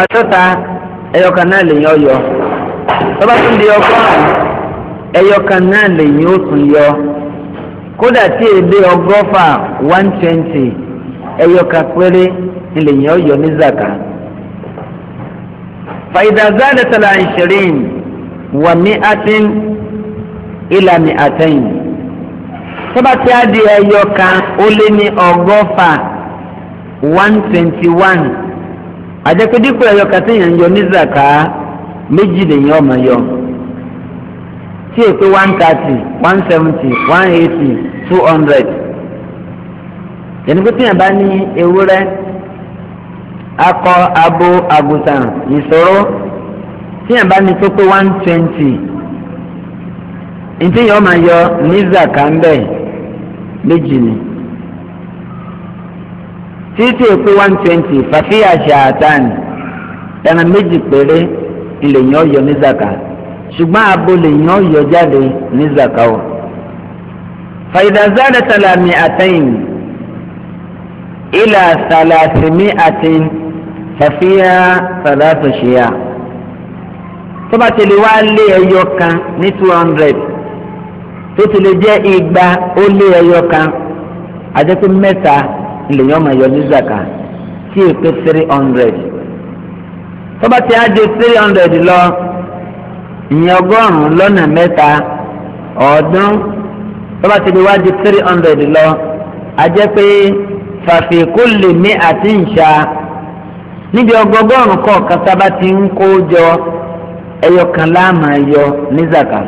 àtọ́ta ẹyọkan náà lèyìn ọyọ tọ́ba tún di ọgọ́rùn-ún ẹyọkan náà lèyìn ó tún yọ kódà tí èdè ọgọ́fà one twenty ẹyọkan péré lèyìn ọyọ ní zaka. فإذا زادت على عشرين ومئة إلى مئتين tọ́ba tí a di ẹyọkan ó lé ní ọgọ́fà one twenty one àjẹpẹ́dípò ẹ̀yọ kàtí yẹn ń yọ ní zaka méjì lèyìn ọmọ yọ tí èpè one thirty one seventy one eighty two hundred yẹnìkú tí yẹn bá ní ewúrẹ́ akọ abo àgùntàn ìṣòro tí yẹn bá ní tó one twenty ntí yẹn ọmọ yọ ní zaka ń bẹ̀ méjì ni títí èkó one twenty fàfíà ṣàtàn ẹran méjì péré lèyìn ọyọ ní zaka ṣùgbọ́n abo lèyìn ọyọ jáde ní zaka o. fàyidàzáde sàlámì àtẹ̀yìn ilà sàlàsìmí àti fàfíà sàlàsìṣìyà tó bá ti lè wá lé ẹyọ kan ní two hundred tó ti lè jẹ́ igba ó lé ẹyọ kan àjẹpẹ́ mẹ́ta lèyìn ọmọ yọ ní zaka tí è pé three hundred tó bá ti á di three hundred lọ ìyẹn ọgọ́rùn-ún lọ́nà mẹ́ta ọ̀ọ́dún tó ti di wá di three hundred lọ a jẹ́ pé fàfikún lè mí àti ìṣá níbi ọgọgọ́rùn-ún kọ̀ọ̀kan sábà ti ń kó jọ ẹyọ kan láàmà yọ ní zaka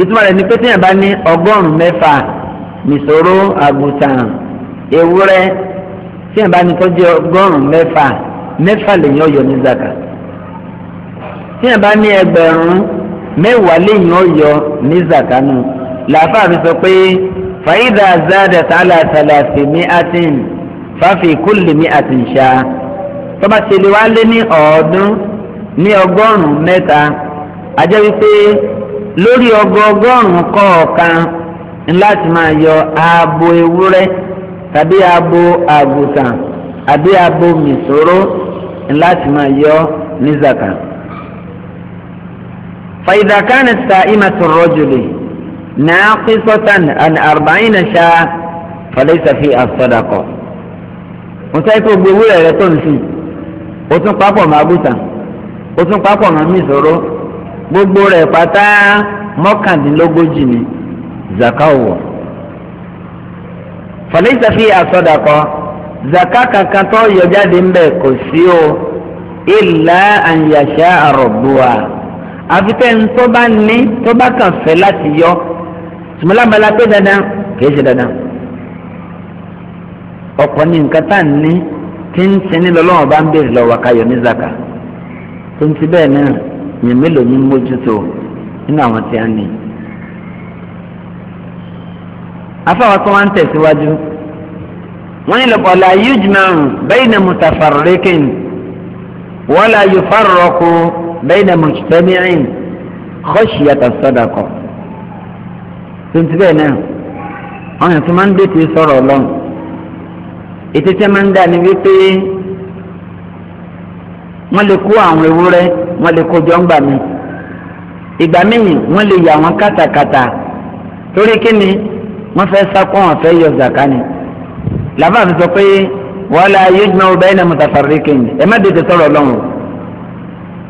ìtumọ̀ rẹ̀ ni pé tí yẹn bá ní ọgọ́rùn-ún mẹ́fà nìṣòro àgùntàn ewúrẹ́ tí ẹ̀ bá ní tọ́jú ọgọ́rùn-ún mẹ́fà mẹ́fà lèyìn ọ̀yọ́ ní zaka tí ẹ̀ bá ní ẹgbẹ̀rún mẹ́wàá lèyìn ọ̀yọ́ ní zaka nù làáfàá fi sọ pé fàyídà zádà tààlà tàlàfì ní àtìn fàáfì kúlì ní àtìn ṣá tọ́ba ṣe lè lé ní ọ̀ọ́dún ní ọgọ́rùn-ún mẹ́ta àjẹ́ wípé lórí ọgọ́ ọgọ́rùn-ún kọ̀ọ̀kan ńlá máa yọ ààbò ewúrẹ́ tàbí abo àgùntàn àbí abo mìsòrò láti máa yọ ní zaka. فإذا كانت سائمة الرجل ناقصة عن أربعين شاة فليس فيها الصدقة mọ̀sáìkò gbowó rẹ̀ tó ń sìn ó tún papọ̀ mọ́ àgùtà ó tún papọ̀ mọ́ mísòrò gbogbo rẹ̀ pátá mọ́kàndínlógójì ni zaka wọ̀ fọlẹ́sà fi àsọdàkọ zaka kankan tó yọ jáde ń bẹ̀ kò sí o ìlà àyàṣà àròbùwà àfitẹ́ ń tó bá ní tó bá kàn fẹ́ láti yọ tùmọ̀lábala pé dandan kìí ṣe dandan ọ̀pọ̀ ní nǹkan tá à ń ní tí ń sin ní lọ́lọ́wọ́n bá ń béèrè lọ́wọ́ káyọ̀ ní zaka tó ń ti bẹ́ẹ̀ náà yẹn mélòó ní mójútó nínú àwọn tí a ní afáwọn kan wọn tẹ̀síwájú wọn ní lọ́pọ̀ la yujma'u bayna mutafarriqin wala yufarraqu bayna mujtami'in khashyata sadaqa tuntun bẹ́ẹ̀ náà wọn yàn tó máa ń dètè sọ̀rọ̀ lọ́n ètò tí a máa ń dà ní wípé wọ́n lè kó àwọn ewúrẹ́ wọ́n lè kó jọ ń ìgbà míì wọ́n lè yà wọ́n kàtàkàtà torí kí wọ́n fẹ́ sákó wọn fẹ́ yọ zaka ni làbá mi sọ pé wala yujma'u bayna mutafarriqin ẹ má dètè tọrọ lọ́wọ́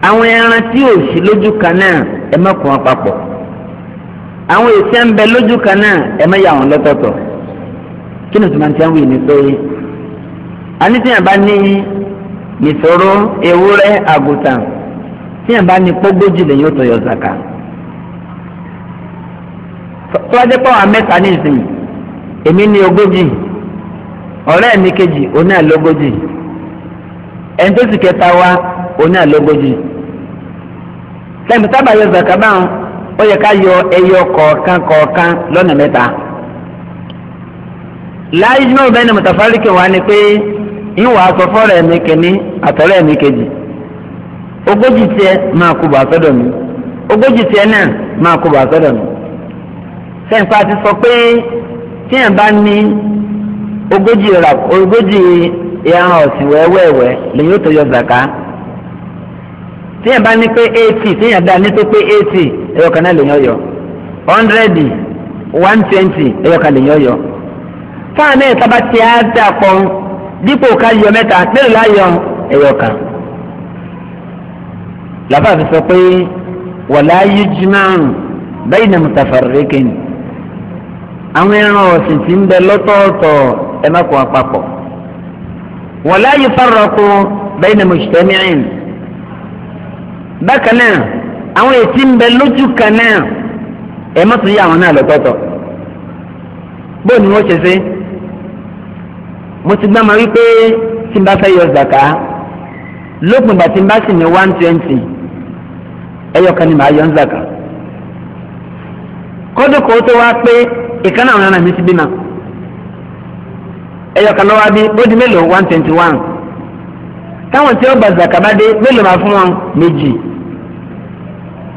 àwọn ẹran tí ò sí lójú kan náà ẹ má kó wọn papọ̀ àwọn èsì ń bẹ lójú kan náà ẹ má yà wọn lọ́tọ̀ọ̀tọ̀ kí ni tùmọ̀ tí wọ́n wí ni pé àní tí bá ní nìṣòro ewúrẹ́ àgùntàn tí yàn bá ní pógójì lẹ́yìn ó tó yọ zaka. tọ́jú pọ̀ àwọn mẹ́ta ní èmi ní ogójì ọ̀rẹ́ mi kejì oní wa oní àlógójì lẹ́nu yọ zaka ó yẹ ká yọ ẹyọ kọ̀ọ̀kan kọ̀ọ̀kan lọ́nà mẹ́ta láyé jùlọ bẹ́ẹ̀ ni mùtàfáríkì wà ní pé ń wàá sọ fọ́ọ̀rẹ́ kìíní kejì ogójì tiẹ̀ máa kú sẹ́ǹpá ti sọ pé tí èèyàn bá ní ogójì ogójì ẹran ọ̀sìn wẹ́wẹ́wẹ́ lèyìn ó tó yọ zàká tí èèyàn bá ní pé eighty tí èèyàn dá ní tó pé eighty ẹ̀yọ̀ náà lèyìn ọ̀yọ́ hundred one twenty ẹ̀yọ̀ lèyìn ọ̀yọ́ fáànù ẹ̀ sábà ti dà pọ̀ dípò ká yọ mẹ́ta mélòó láyọ̀ ẹ̀yọ̀ làbá fi sọ pé wàlá yíjú márùn bẹ́ẹ̀ ni mutafarrikin àwọn ẹran ọ̀sìn tí ń bẹ lọ́tọ̀ọ̀tọ̀ ẹ má kó apapọ̀ wọ́n láàyè fárọ̀kù bẹ́ẹ̀ ni mùsùlùmíìn bákan náà àwọn ètí ń bẹ lójú kan náà ẹ má tún yí àwọn náà lọ́tọ̀ọ̀tọ̀ bóun ni wọ́n ṣe ṣe mo ti gbá ma wípé tí n bá fẹ́ yọ zaka lópin ìgbà tí n bá sì ní one twenty ẹyọ kan ni màá yọ ń zaka kọ́dọ̀ tó wá pé ìkànnì àwọn ọ̀nà mi ti bímọ ẹyọ kan lọ́wọ́ bí ó di mélòó one twenty one táwọn tí ó bá zakabade mélòó máa fún wọn méjì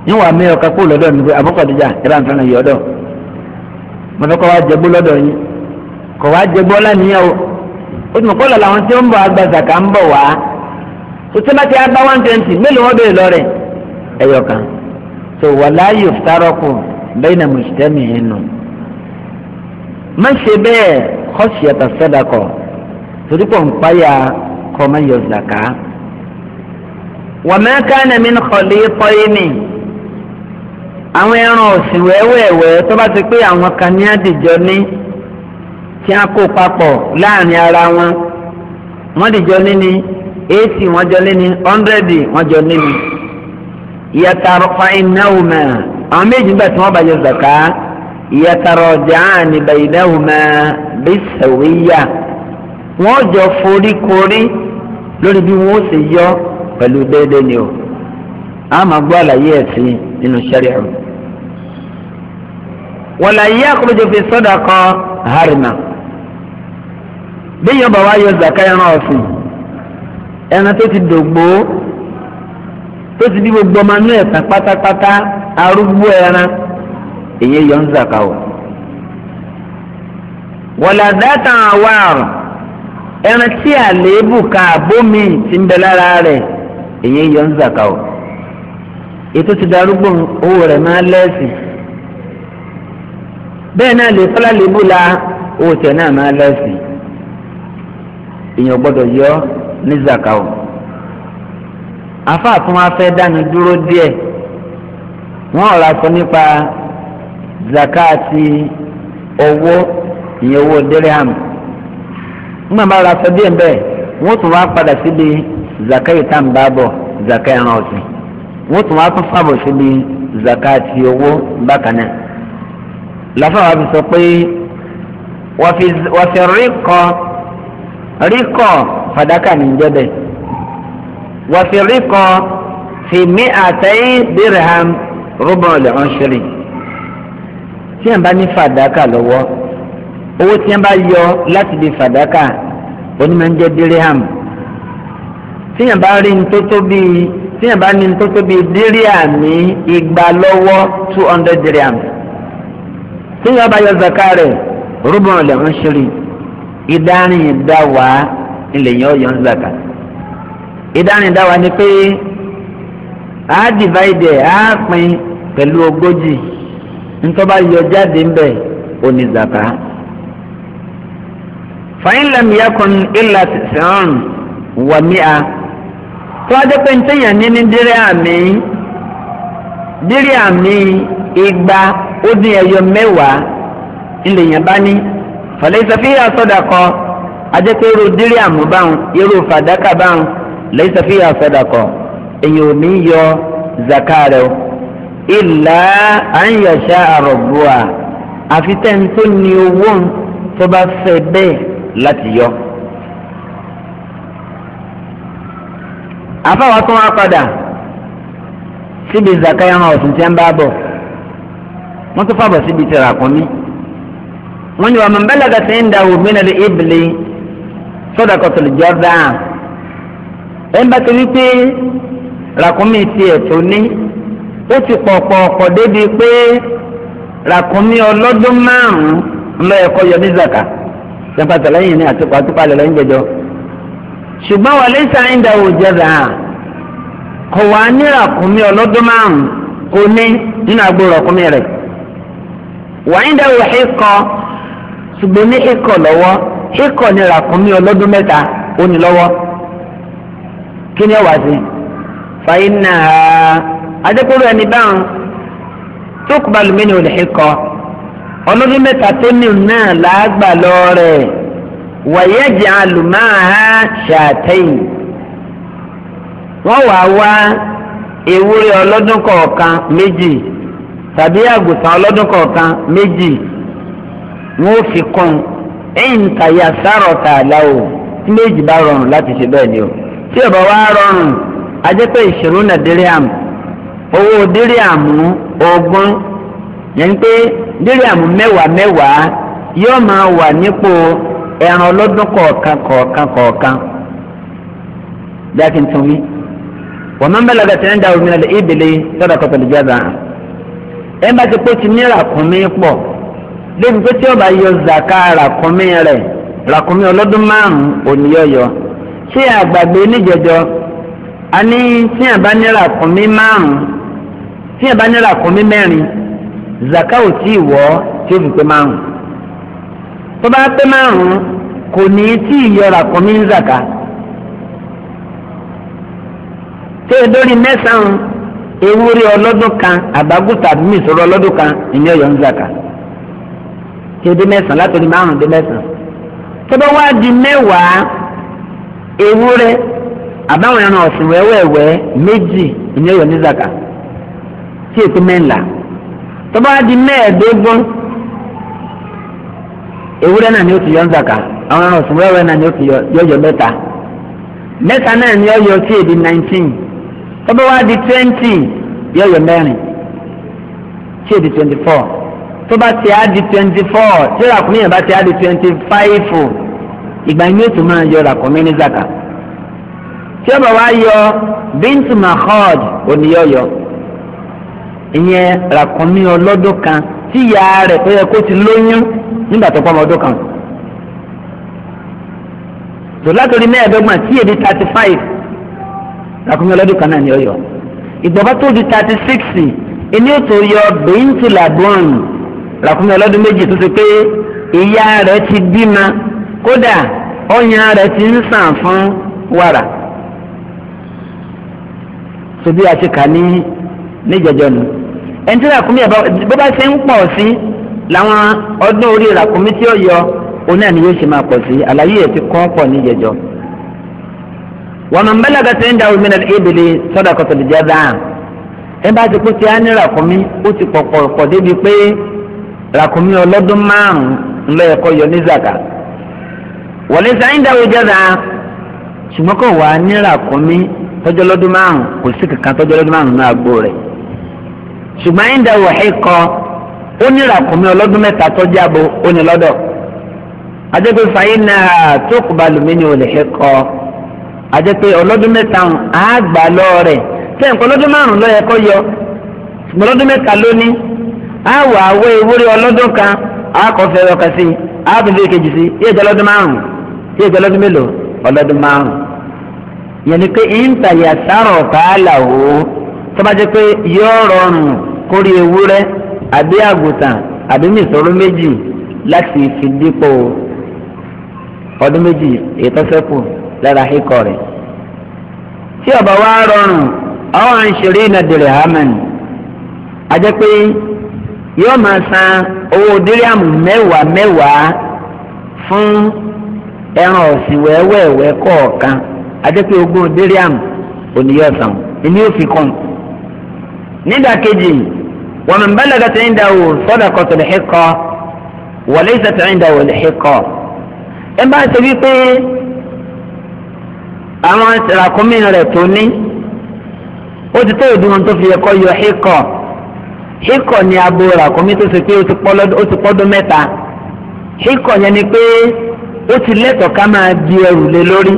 yín wàá mẹ́yọ kakó lọ́dọ̀ mi pé àbúkọ̀dìjà ẹ bá ń fẹ́ràn yìí ọ̀dọ̀ mo fẹ́ kọ́ wá jẹ́gbó lọ́dọ̀ yín kọ́ wá jẹ́gbó lánìyàn o ó ti mọ̀ kọ́lọ̀ làwọn tí ó ń bọ̀ àgbà zaka ń bọ̀ wá tó tí wọ́n ti one twenty mélòó wọ́n béèrè lọ́rẹ̀ ẹyọ kan tó wàláyò fútarọ́kù bẹ́ẹ̀ ni mùsùlùmí má ṣe bẹ́ẹ̀ kọ́ṣì ẹ̀tà sẹ́dàkọ̀ torí pọ̀ ń páyà kọ́ má yọ zàká. wàmẹ́ káàní mi ń kọ̀lé pọ́yé mi àwọn ẹran ọ̀sìn wẹ́wẹ́wẹ́ tó bá ti pé àwọn kan ní àdìjọ ní tí a kó papọ̀ láàrin ara wọn wọ́n dìjọ ní ni eighty wọ́n jọ ní ni hundred wọ́n jọ ní ni ìyàtà rọpa iná òmà àwọn méjì nígbà tí wọ́n bá yọ zàká yẹtarọ̀jáàni bẹ̀yìdáhùmá bíṣẹ̀wéyà wọ́n jọ foríkorí lórí bí wọ́n ṣe yọ pẹ̀lú déédéé ni o a máa gbọ́ àlàyé ẹ̀sìn nínú sẹ́ríà wọ́n láyé àkójọ fi sọ́dà kọ́ harima bí yọ bàbá yọ zaka ẹran ọ̀sìn ẹran tó ti dògbò tó ti di gbogbo ọmọ inú ẹ̀sán pátápátá arúgbó ẹran èyí yọ ń zàkà o. wọ̀là dáta àwàrọ̀ ẹran tí àléébù ka bómi ti ń bẹ lára rẹ̀ èyí yọ ń zàkà o. ètò ti darúgbó owó rẹ̀ máa lẹ́sìn. bẹ́ẹ̀ náà lè fọ́lá léébù la owó tẹ̀ náà máa lẹ́sìn. èyàn gbọ́dọ̀ yọ ní zàkà o. àfa àtúnwá fẹ́ díẹ̀ wọ́n ọ̀rọ̀ sọ nípa zakati owó ìyẹn owó dirham ńgbà bá ra aṣọ díẹ̀ bẹ́ẹ̀ wọ́n tún wá padà síbi zakati tàǹbàbọ̀ zakati ẹran ọ̀sìn wọ́n tún wá tún fàbọ̀ síbi zakati owó bákan náà láfàwọ́ àbí sọ pé wọ́n fi rí kọ́ rí fàdákà ní jẹ́bẹ̀ wọ́n fi rí fi mí àtẹ́yìn dirham rúbọ̀ lẹ́hàn ṣẹlẹ̀ tí yẹn bá ní fàdákà lọ́wọ́ owó tí yẹn bá yọ láti di fàdákà onímọ̀ ń jẹ́ díríhàm tí yẹn bá rí ntótó bíi tí yẹn bá ní ntótó bíi díríàmì igba lọ́wọ́ two hundred díríàm tí yẹn bá yọ zaka rẹ̀ rúbọ̀n lè ń ṣeré ìdárin ìdáwà ilẹ̀ yẹn ó yọ zaka ìdárin ìdáwà ni pé a divide a pín pẹ̀lú ogójì ntọ́ba yọ jáde ń bẹ̀ ó ní zaka. fàyín lam yakun illa tis'un wa mi'a tó a jẹ́ pé ń tẹ̀yàn ní ní dírí àmì dírí àmì igba ó dín ẹyọ mẹ́wàá ilẹ̀ yẹn bá ní falaysa fiha sadaqa ajẹ́ irú dírí àmú báwọn irú fàdákà báwọn laysa fiha sadaqa èyàn ò ní yọ zaka rẹ̀ o ìlà ànyàṣà àrọ̀bùà àfi tẹ́ńtò ní owó tó bá fẹ́ bẹ́ẹ̀ láti yọ. àfáwọn tó wá padà síbi zakaya hàn ọ̀sùn tí ń bá bọ̀ wọ́n tún fàbọ̀ síbi tẹ̀rẹ̀ àkọ́mí. wọ́n ní wàá mọ̀ bẹ́ẹ̀ lọ́gàtí ń da òmìn náà lé ìbìlẹ̀ sọ́dà kọ̀tùlù jọ́dá. ẹ̀ ń bá ti pé ràkúnmí tiẹ̀ tó ní ó ti pọ̀pọ̀ ọ̀pọ̀ débi pé ràkúnmí ọlọ́dún márùn-ún lọ́yẹ̀kọ́ yọ ní zaka jẹ́pàtà lẹ́yìn ní àtúpọ̀ àtúpọ̀ àlẹ́ lẹ́yìn jẹjọ́ ṣùgbọ́n wọlé sáyẹ́ndà ò jẹ́ra kò wá ní ràkúnmí ọlọ́dún márùn-ún kò nínú àgbo ràkúnmí rẹ̀ wàyíndà ò híkọ ṣùgbọ́n ní híkọ lọ́wọ́ híkọ ní ràkúnmí ọlọ́dún mẹ́ta ó lọ́wọ́ kí ni ọ wá sí fàyínà á. adékòrò ẹni báwọn tó kù ni ò lè ṣe kọ ọlọ́dún mẹ́ta tó ní náà làágbà lọ rẹ̀ wàyẹ̀ jẹ́ àlùmáà wọ́n wàá wá ewúrẹ́ ọlọ́dún kọ̀ọ̀kan méjì tàbí àgùntàn ọlọ́dún kọ̀ọ̀kan méjì wọ́n ó fi kún ẹ̀yìn tàyà sárọ̀ tààlà o tí méjì bá rọrùn láti ṣe bẹ́ẹ̀ ni o tí ọ̀bọ̀ wá rọrùn ajẹ́pẹ́ ìṣòro owó díríàmù ogún yẹn pé díríàmù mẹ́wàá mẹ́wàá yóò máa wà nípò ẹran ọlọ́dún kọ̀ọ̀kan kọ̀ọ̀kan kọ̀ọ̀kan jákè tún mi wọ́n máa ń bẹ̀rẹ̀ lọ́gàtí ẹ̀ńdà omi sọ́dọ̀ lè jáde hàn ẹ̀ bá ti pé ti ní ràkúnmí pọ̀ lébi pé tí ó bá yọ zaka ràkúnmí rẹ̀ ràkúnmí ọlọ́dún márùn-ún òní yọ̀yọ̀ àgbàgbé a ní tí tí yẹn bá ní ràkúnmí mẹ́rin zakao tí ì wọ́ tí ó fi pé márùn tó bá pé márùn kò ní tí ì yọ ràkúnmí ní zaka tí yẹn dórí mẹ́sàn-án ewúrẹ́ ọlọ́dún kan àbágùtà mísòrò ọlọ́dún kan ìní ọ̀yọ́ ń zaka tí yẹn dé mẹ́sàn-án látòrí márùn dé mẹ́sàn-án tó bá wá di mẹ́wàá ewúrẹ́ àbáwọn ẹran ọ̀sìn wẹ́wẹ́wẹ́ méjì ìní ọ̀yọ́ ní zaka tí èsì mẹ́ńlá tó bá di mẹ́ẹ̀ẹ́dógún ewúrẹ́ náà ni ó ti yọ nzàkà àwọn ọ̀ràn ọ̀sùn wẹ́wẹ́ náà ni ó ti yọ yọ mẹ́ta mẹ́ta náà ni ó yọ tí èdè nineteen tó bá wá di twenty yọ yọ mẹ́rin tí èdè twenty four tó bá ti á di twenty four tí ràkúnmí yẹn bá ti á di twenty five ìgbà yín yóò tún máa yọ ràkúnmí ní zàkà tí ó bá wá yọ bíntùmáhọ́d òní yọ yọ. ìyẹn ràkúnmí ọlọ́dún kan tí ìyá rẹ̀ tó yẹ kó ti lóyún nígbà tó kan. tòlátòrí mẹ́ẹ̀ẹ́dọ́gbọ̀n tí èdè thirty five ràkúnmí ọlọ́dún kan náà ni ó yọ. tó di thirty six ẹni ọlọ́dún méjì tó pé ìyá rẹ̀ ti bímọ kódà ọyàn rẹ̀ fún wàrà. sobi àti kàní ẹni tí ràkúnmí ẹ̀ bó bá ṣe ń pọ̀ sí làwọn ọdún orí ràkúnmí tí ó yọ òun náà ni yóò ṣe máa pọ̀ sí àlàyé ẹ̀ ti kọ́ pọ̀ ní ìjẹjọ́. wọ́n máa ń bẹ́lẹ̀ gàtẹ́ ń da omi náà ébìlì sọ́dà kọ́tọ̀ lè jẹ́ dáa ẹ bá ti kó ti á ní ó ti pọ̀ pọ̀ pọ̀ débi pé ràkúnmí ọlọ́dún márùn-ún ló yẹ yọ ní zaka wọlé sáyìn dáwọ ìjọba ṣùgbọ́n kò wá ní ràkúnmí tọ́jọ́ lọ́dún márùn-ún kò sí kankan tọ́jọ́ lọ́dún márùn-ún náà gbó rẹ̀ ṣùgbọ́n ẹ̀yìn dáwọ̀ ẹ̀ kọ́ ó ní ràkúnmí ọlọ́dún mẹ́ta tó jábọ̀ ó ní lọ́dọ̀ adépe fàyè náà tó kù balùmí ni ò lè ẹ̀ kọ́ adépe ọlọ́dún mẹ́ta á gbà tẹ̀ nǹkan ọlọ́dún márùn yọ ṣùgbọ́n ọlọ́dún mẹ́ta á wà ọlọ́dún kan á kọ́ fẹ́ sí á tún fi kejì sí ọlọ́dún márùn-ún ọlọ́dún mélòó ọlọ́dún márùn tó jẹ́ pé yóò rọrùn kórí ewúrẹ́ àbí àgùntàn àbí mìsòrò méjì láti fi dípò ọdún méjì ìtọ́sẹ́kù lára ikọ̀ rẹ̀ tí ọba wa rọrùn ọrụ àǹṣeré ìnàdìrẹ̀ hamani a jẹ́ pé yóò san owó díríàmù mẹ́wàá mẹ́wàá fún ẹran ọ̀sìn wẹ́wẹ́wẹ́ kọ̀ọ̀kan a jẹ́ pé ogún díríàmù òní yóò san ìní yóò nídàkejì wọn ń bẹ́lẹ̀ gàtẹ́ ń dàwó sọ́dà kọ́tọ̀ lè xí kọ́ wọlé ìsẹ̀tẹ̀ ń dàwó lè xí kọ́ ẹ bá ṣe wípé àwọn ìsìràkúnmí rẹ̀ tó ní ó ti tó ìdúró tó fi ẹ̀kọ́ yọ xí kọ́ hikọ ni abo ràkúnmí tó ṣe pé ó ti pọ́dún mẹ́ta hikọ yẹn ni pé ó ti lẹ́tọ̀ọ́ ká máa di ẹrù lé lórí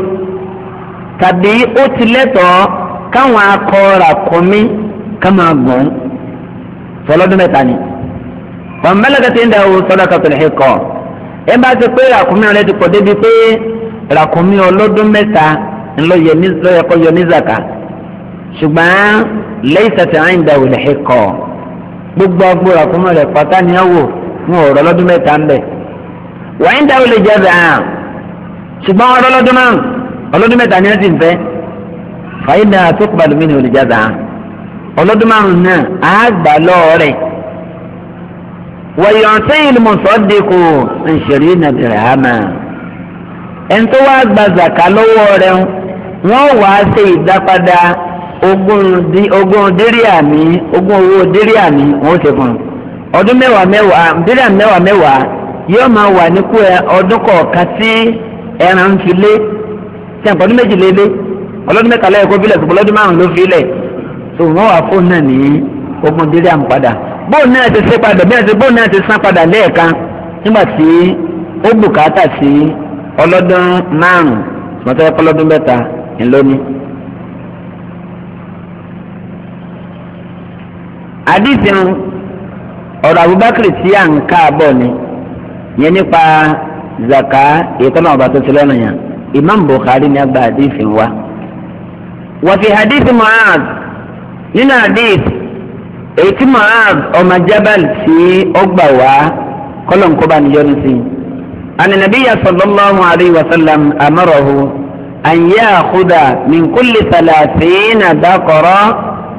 tàbí ó ti lẹ́tọ̀ọ́ káwọn akọ ràkúnmí ká máa gùn fọlọ́dún mẹ́ta ni. pọ̀nbẹ́lẹ́kẹ́ ti ń da owó sọ́dọ̀ kàtó lẹ́hìn kọ́ ẹ bá ti pé ràkúnmí rẹ ti pọ̀ débi pé ràkúnmí ọlọ́dún mẹ́ta ńlọ́yẹ kọ́ yọ ní zaka ṣùgbọ́n lẹ́yìn sàtẹ̀ àyìn da owó lẹ́hìn kọ́ gbogbo ọgbó ràkúnmí rẹ pátá ni ẹ wò ń wò ọlọ́dún mẹ́ta ń bẹ̀ wọ́n ń da owó lè jẹ́ bẹ́ẹ̀ ṣùgbọ́n ọlọ́dún mẹ́ta ni ẹ ti ń fẹ́ fàyín náà tó kọ́ balùmí ni olùjáde àá ọlọ́dún márùn náà á gbà lọ́ọ̀rẹ́ wọ̀yọ̀nsẹ́ ìlùmọ̀sọ́dẹ́kù ìṣẹ̀rí nàbẹ̀rẹ̀ àmà ẹni tó wá gba zàkà lọ́wọ́ rẹ̀ wọ́n wàá ṣe ìdápadà ogún díríà mi ogún owó díríà mi wọ́n ṣe fún un ọdún mẹ́wàá mẹ́wàá díríà mẹ́wàá mẹ́wàá yóò máa wà níkú ẹ ọdún kọ̀ọ̀kan tí ẹran ń fi lé ṣe àpọ̀dún méjì lé ọlọ́dún mẹ́ta lẹ́yìn kó fi lẹ̀ ṣùgbọ́n ọlọ́dún márùn ló fi lẹ̀ tó wọ́n wà fóònù náà ní ogún dirham padà bóònù náà ti ṣe padà bí náà ti san padà lẹ́ẹ̀kan nígbà tí ó bùkátà sí ọlọ́dún márùn-ún ẹ̀kọ́ ọlọ́dún mẹ́ta ńlọ́ni. àdìsí ọ̀rọ̀ Abubakar tí à ń ká bọ̀ ni yẹn nípa zaka ìtọ́nà ọba tó ti lọ́nà yẹn Imam Bukhari ní agbá àdìsí wa. wọ́n fi àdìsí nínú hadith èyí tí Mu'adh ọmọ Jabal sí ọgbà wá kọlọ̀nkọ́ba níyọnu sí i ananabiya sallallahu alayhi wa sallam amarahu an ya'khudha min kulli thalathina baqara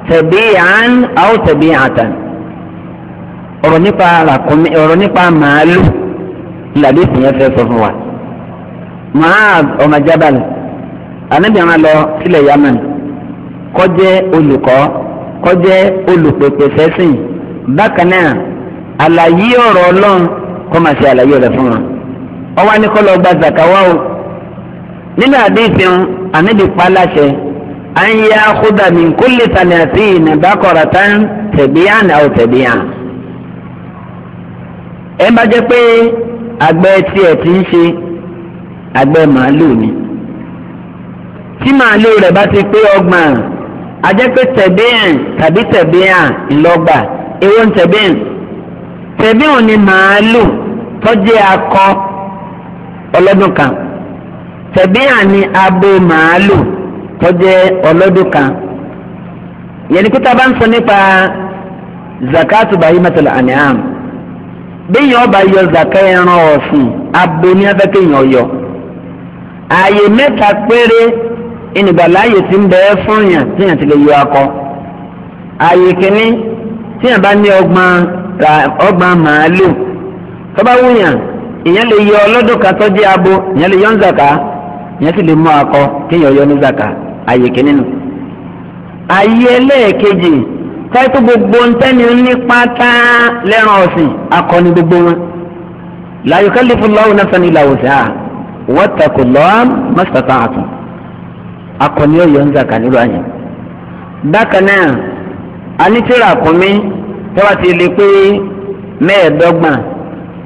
tabi'an aw tabi'atan ọ̀rọ̀ nípa ràkúnmí ọ̀rọ̀ nípa màálù làbí ìsìnyẹn fẹ́ sọ fún wa Mu'adh ọmọ Jabal anabi àwọn lọ sílẹ̀ Yaman kó olùkọ́ kọjẹ́ olùpèpè fẹ́sìn bákan náà àlàyé ọ̀rọ̀ ọlọ́run kọ́ máa ṣe àlàyé rẹ̀ fún wa ọwọ́ ni kọ́ lọ gba zakawa o nínú àdéhùn ànábì paláṣẹ à ń yá kódà ní kúlẹ̀ tani àti ìnàbàkọ̀rọ̀ tán tẹ̀bíyàn àw tẹ̀bíyàn. ẹ bá jẹ́ pé àgbẹ̀ tiẹ̀ ti ń ṣe àgbẹ̀ màálù ni tí màálù rẹ̀ bá ti pé ọgbọ̀n ajẹ́pẹ́ tẹ̀bíyàn tàbí tẹ̀bíyàn ńlọ́gbà èwo ń tẹ̀bíyàn tẹ̀bíyàn ni màálù tọ́jú akọ ọlọ́dún kan tẹ̀bíyàn ni abo màálù tọ́jú ọlọ́dún kan yẹn ni kúta bá ń sọ nípa zakatu bahimatul an'am bẹ́ẹ̀ yẹn ọba yọ zaka ẹran ọ̀sìn abo ní afẹ́kẹ́ yẹn ọ̀yọ́ ààyè mẹ́ta péré ìnìgbàláyè ti ń bẹ́ẹ̀ fún yàn tí yàn ti lè yọ akọ ààyè kìíní tí yàn bá ní ọgbọ́n ra ọgbọ́n màálù tó wúyàn ìyẹn lè yọ ọlọ́dún kan tó abo ìyẹn lè yọ ń zàkà ìyẹn sì lè mú akọ kéèyàn yọ ní zàkà ààyè kìíní nù. ààyè ẹlẹ́ẹ̀kejì táìpù gbogbo ntẹ́ni ní pátá lẹ́ran ọ̀sìn akọni gbogbo wọn la akọni ọyọ nzaka nílò àyàn bákan náà anítìrà kùnmí tọ́wá ti lè pé mẹ́ẹ̀ẹ́dọ́gbọ̀n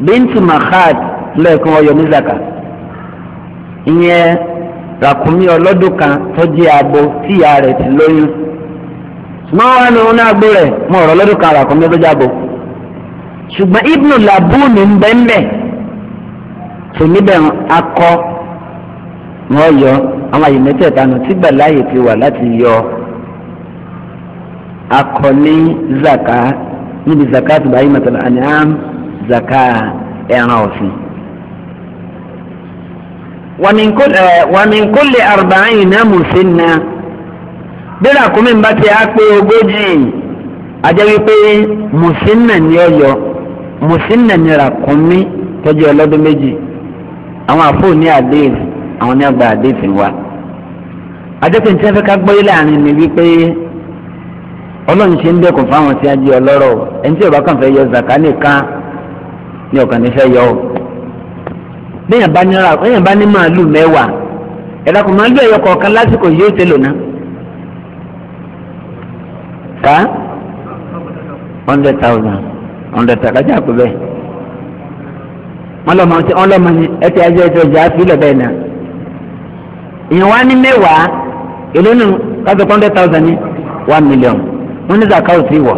bíntì mahad lẹ́ẹ̀kan ọyọ ní zaka ìyẹn ràkùnmí ọlọ́dún kan tọ́jú abo tíya rẹ̀ ti lóyún ṣùgbọ́n wọn ni wọn náà gbé rẹ̀ mọ ọ̀rọ̀ kan ràkùnmí ọlọ́dún abo ṣùgbọ́n ibnu labúùnù ń bẹ́ẹ̀ mbẹ́ tò níbẹ̀ akọ wọn yọ àwọn àyè mẹ́tẹ̀ẹ̀ta nù tígbà láàyè ti wà láti yọ akọni zaka níbi zaka tó báyìí mọ̀tàn àníhàn zaka ẹran ọ̀sìn. wàmínkólè àrùbáyìn náà mùsínà bí ràkúnmí bá ti á pé ogójì ajẹ́ wípé mùsínà ni ó yọ mùsínà ni ràkúnmí tọ́jú ọlọ́dún méjì àwọn àfọ̀ ní àdéhùn. àwọn ní ọgbà àdéhùn wa àdéhùn ní wọ́n fẹ́ ká ilé láàrin ni wípé ọlọ́run ṣe ń dẹ́kun fáwọn tí a jẹ́ ọlọ́rọ̀ ẹni tí ọba kan fẹ yọ zaka nìkan ní fẹ́ yọ yọọ. bẹ́ẹ̀ bá ní ra bẹ́ẹ̀ bá ní màálù hundred thousand hundred thousand kájà máa ń máa ń èèyàn wá ní mẹ́wàá èló nù kájọ hundred thousand one million wọ́n ní zaka ò sí wọ̀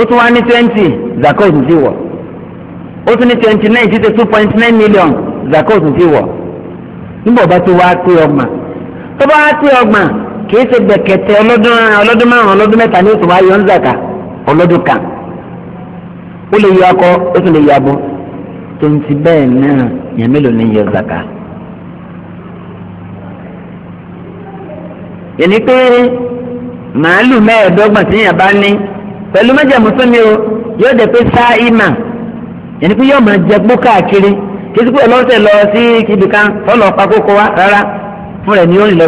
ó tún wá ní twenty zaka ò sí wọ̀ ó tún ní twenty nine títí two point nine million zaka ò sí wọ̀ nígbà ọba tó wá pé ọgbọ̀n tó bá wá pé ọgbọ̀n kì í ṣe gbẹ̀kẹ̀tẹ̀ ọlọ́dún ọlọ́dún márùn-ún ọlọ́dún mẹ́ta ní oṣù wáyọ̀ ń zaka kan ó lè yọ akọ ó tún lè yọ abo tó ń ti bẹ́ẹ̀ náà yẹn mélòó ní yọ zaka. yẹni pé màálù mẹ́ẹ̀ẹ́dọ́gbọ̀n tí yàn bá ní pẹ̀lú mẹ́jẹ̀ o yóò jẹ́ pé sá ìmà yẹni pé yóò máa jẹ gbó káàkiri kìí pé ọlọ́sẹ̀ lọ sí ibi kan ọlọ́ pa kókó wa rárá fún rẹ̀ lọ ọlọ́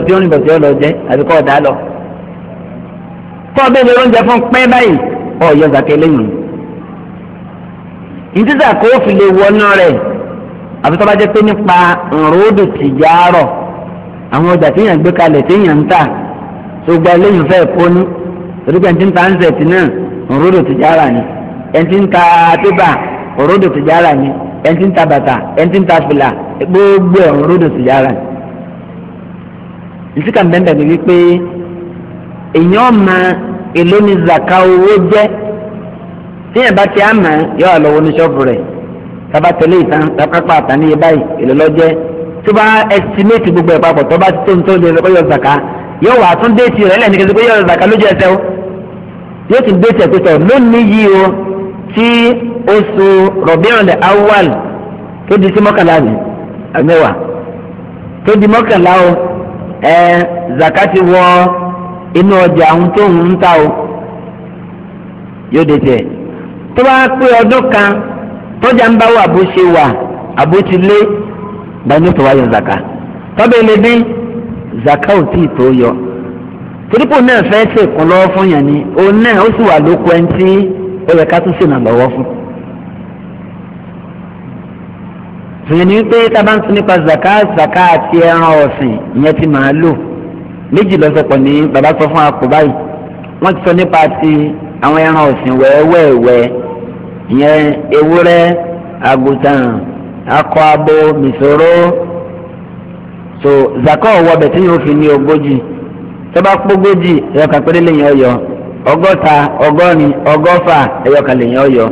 jẹ́ àbí kọ́ ọ̀dà lọ. kọ́ ọ bẹ́ẹ̀ oúnjẹ fún pẹ́ báyìí lẹ́yìn. ìdíjà kó fi àwọn ọjà téèyàn gbé kalẹ̀ téèyàn ń tà gbogbo ẹlẹ́yìn fẹ́ pọ́nú torípé ẹni tí ń ta ansẹ̀tì náà òródò tìjára ni ẹni tí ń ta pépà òródò tìjára ni ẹni tí ń ta bàtà ẹni tí ń ta fìlà gbogbo ẹ̀ òródò tìjára ni. ìsìkà bẹ́ẹ̀ bẹ́ẹ̀ wípé èèyàn ọ̀ma èló ni zaka owó jẹ́ tíyẹn bá ti àmà yọ àlọ́wọ́ ní ṣọ́ọ̀bù rẹ̀ tábà tẹ̀lé ìtàn tábà pàtàkì báyìí tó bá estimate gbogbo ẹ̀ papọ̀ tó bá tó ń tó ń lè yọ zaka yóò wà tún déètì rẹ̀ lẹ́nu kejì yọ zaka lójú ẹsẹ̀ o yóò tún déètì ẹ̀ pẹ̀tọ̀ lónìí yìí o tí oṣù Rabiul Awwal tó di sí mọ́kànlá ni àmẹ́wà tó di mọ́kànlá o ẹ zaka ti wọ inú ọjà àwọn tó ń ta o yóò déètì ẹ̀ tó bá pé ọdún kan tọ́jà ń bá wà bó ṣe wà àbó lé báyìí ní tòwá yọ zaka tọ́bẹ̀ lè dín zaka ò tí ì tó yọ torípò náà fẹ́ ṣèkún lọ́wọ́ fún yàn ni òun náà ó sì wà lóko ẹni tí ó yẹ ká tún ṣènà lọ́wọ́ fún. tìyẹn ni pé tá ń sọ nípa zaka zaka àti ẹran ọ̀sìn ìyẹn ti máa lò méjì lọ́sọ̀pọ̀ ní bàbá sọ fún akọ báyìí wọ́n ti sọ nípa ti àwọn ẹran ọ̀sìn wẹ́wẹ́wẹ́ ìyẹn ewúrẹ́ àgùntàn akọ abo mìsòrò so zakọ ọwọ bẹ tí yóò fi ní ogójì tọba kpógójì ẹyọkà péré lẹ́yìn ọyọ ọgọ́ta ọgọ́rin ẹyọkà ọyọ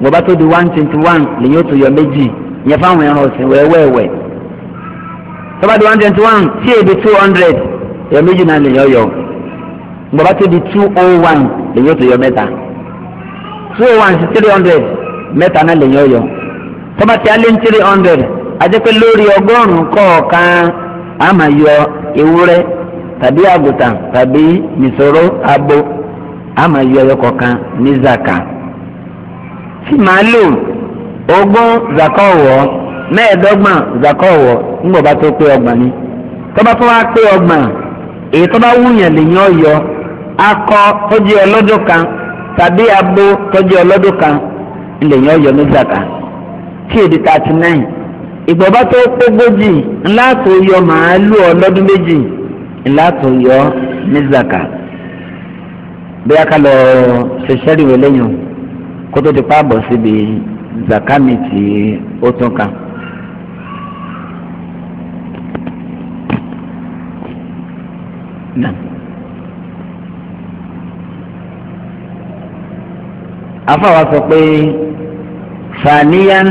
gbọba tó di one twenty one lẹ́yìn otu yọ méjì yẹn fáwọn ẹran tọba di one twenty one tí èdè two tọ́ba tí a lé ní three hundred àti pé lórí ọgọ́rùn-ún kọ̀ọ̀kan a máa yọ ewúrẹ́ tàbí àgùntàn tàbí nìṣòro abo a máa yọ ẹyọ kọ̀ọ̀kan ní zaka tí màálù ogún zaka ọ̀wọ́ mẹ́ẹ̀ẹ́dọ́gbọ̀n zaka ọ̀wọ́ ńgbọ̀ bá tó pé ọgbọ̀n ni tọ́ba tó wá pé èyí tọ́ba lèyìn ọ̀yọ́ akọ tọ́jú ọlọ́dún kan tàbí abo tọ́jú ọlọ́dún kan lèyìn ọ̀yọ́ ní tí èdè thirty nine ìgbọ́bá tó pógójì ńlá tó yọ màálù ọlọ́dún méjì ńlá tó yọ ní zaka bí a kà lọ ṣẹṣẹ́ rìwé lẹ́yìn kó tó ti pa àbọ̀ síbi zaka mi tí ó tún ka. afa wa sọ pé fàníyàn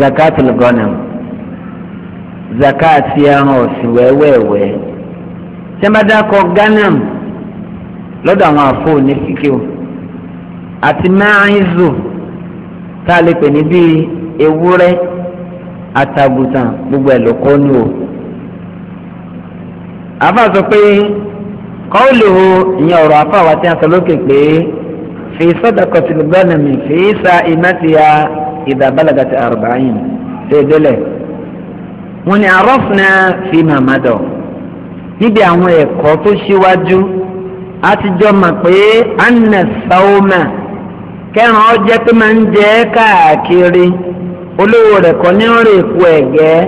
zakatul ghanam zakat fi ẹran ọ̀sìn wẹ́wẹ́wẹ́ tẹ́mádàkọ ghanam lọ́dọ̀ àwọn àfọ ní fíkìw àti máàzù tá a lè pè ní bíi ewúrẹ́ àtàgùtàn gbogbo ẹ̀ ló kọ́ ní o àfa sọ pé kọ́ọ̀lùhù ìyẹn ọ̀rọ̀ afa wa ti hàn sọ lókè pé fi sọ́dọ̀ kọ̀tìlúgbọ́nà mi fi sa ìmọ̀tìyà idha balagat arba'in ṣe délẹ̀ wọ́n ní arọ́fúnà fi màmádọ̀ níbi àwọn ẹ̀kọ́ tó ṣíwájú àtijọ́ mà pé anna saoma kẹrin ọjẹ́ pé máa ń jẹ́ káàkiri olówó kọ́ ní rè ku ẹ̀gẹ́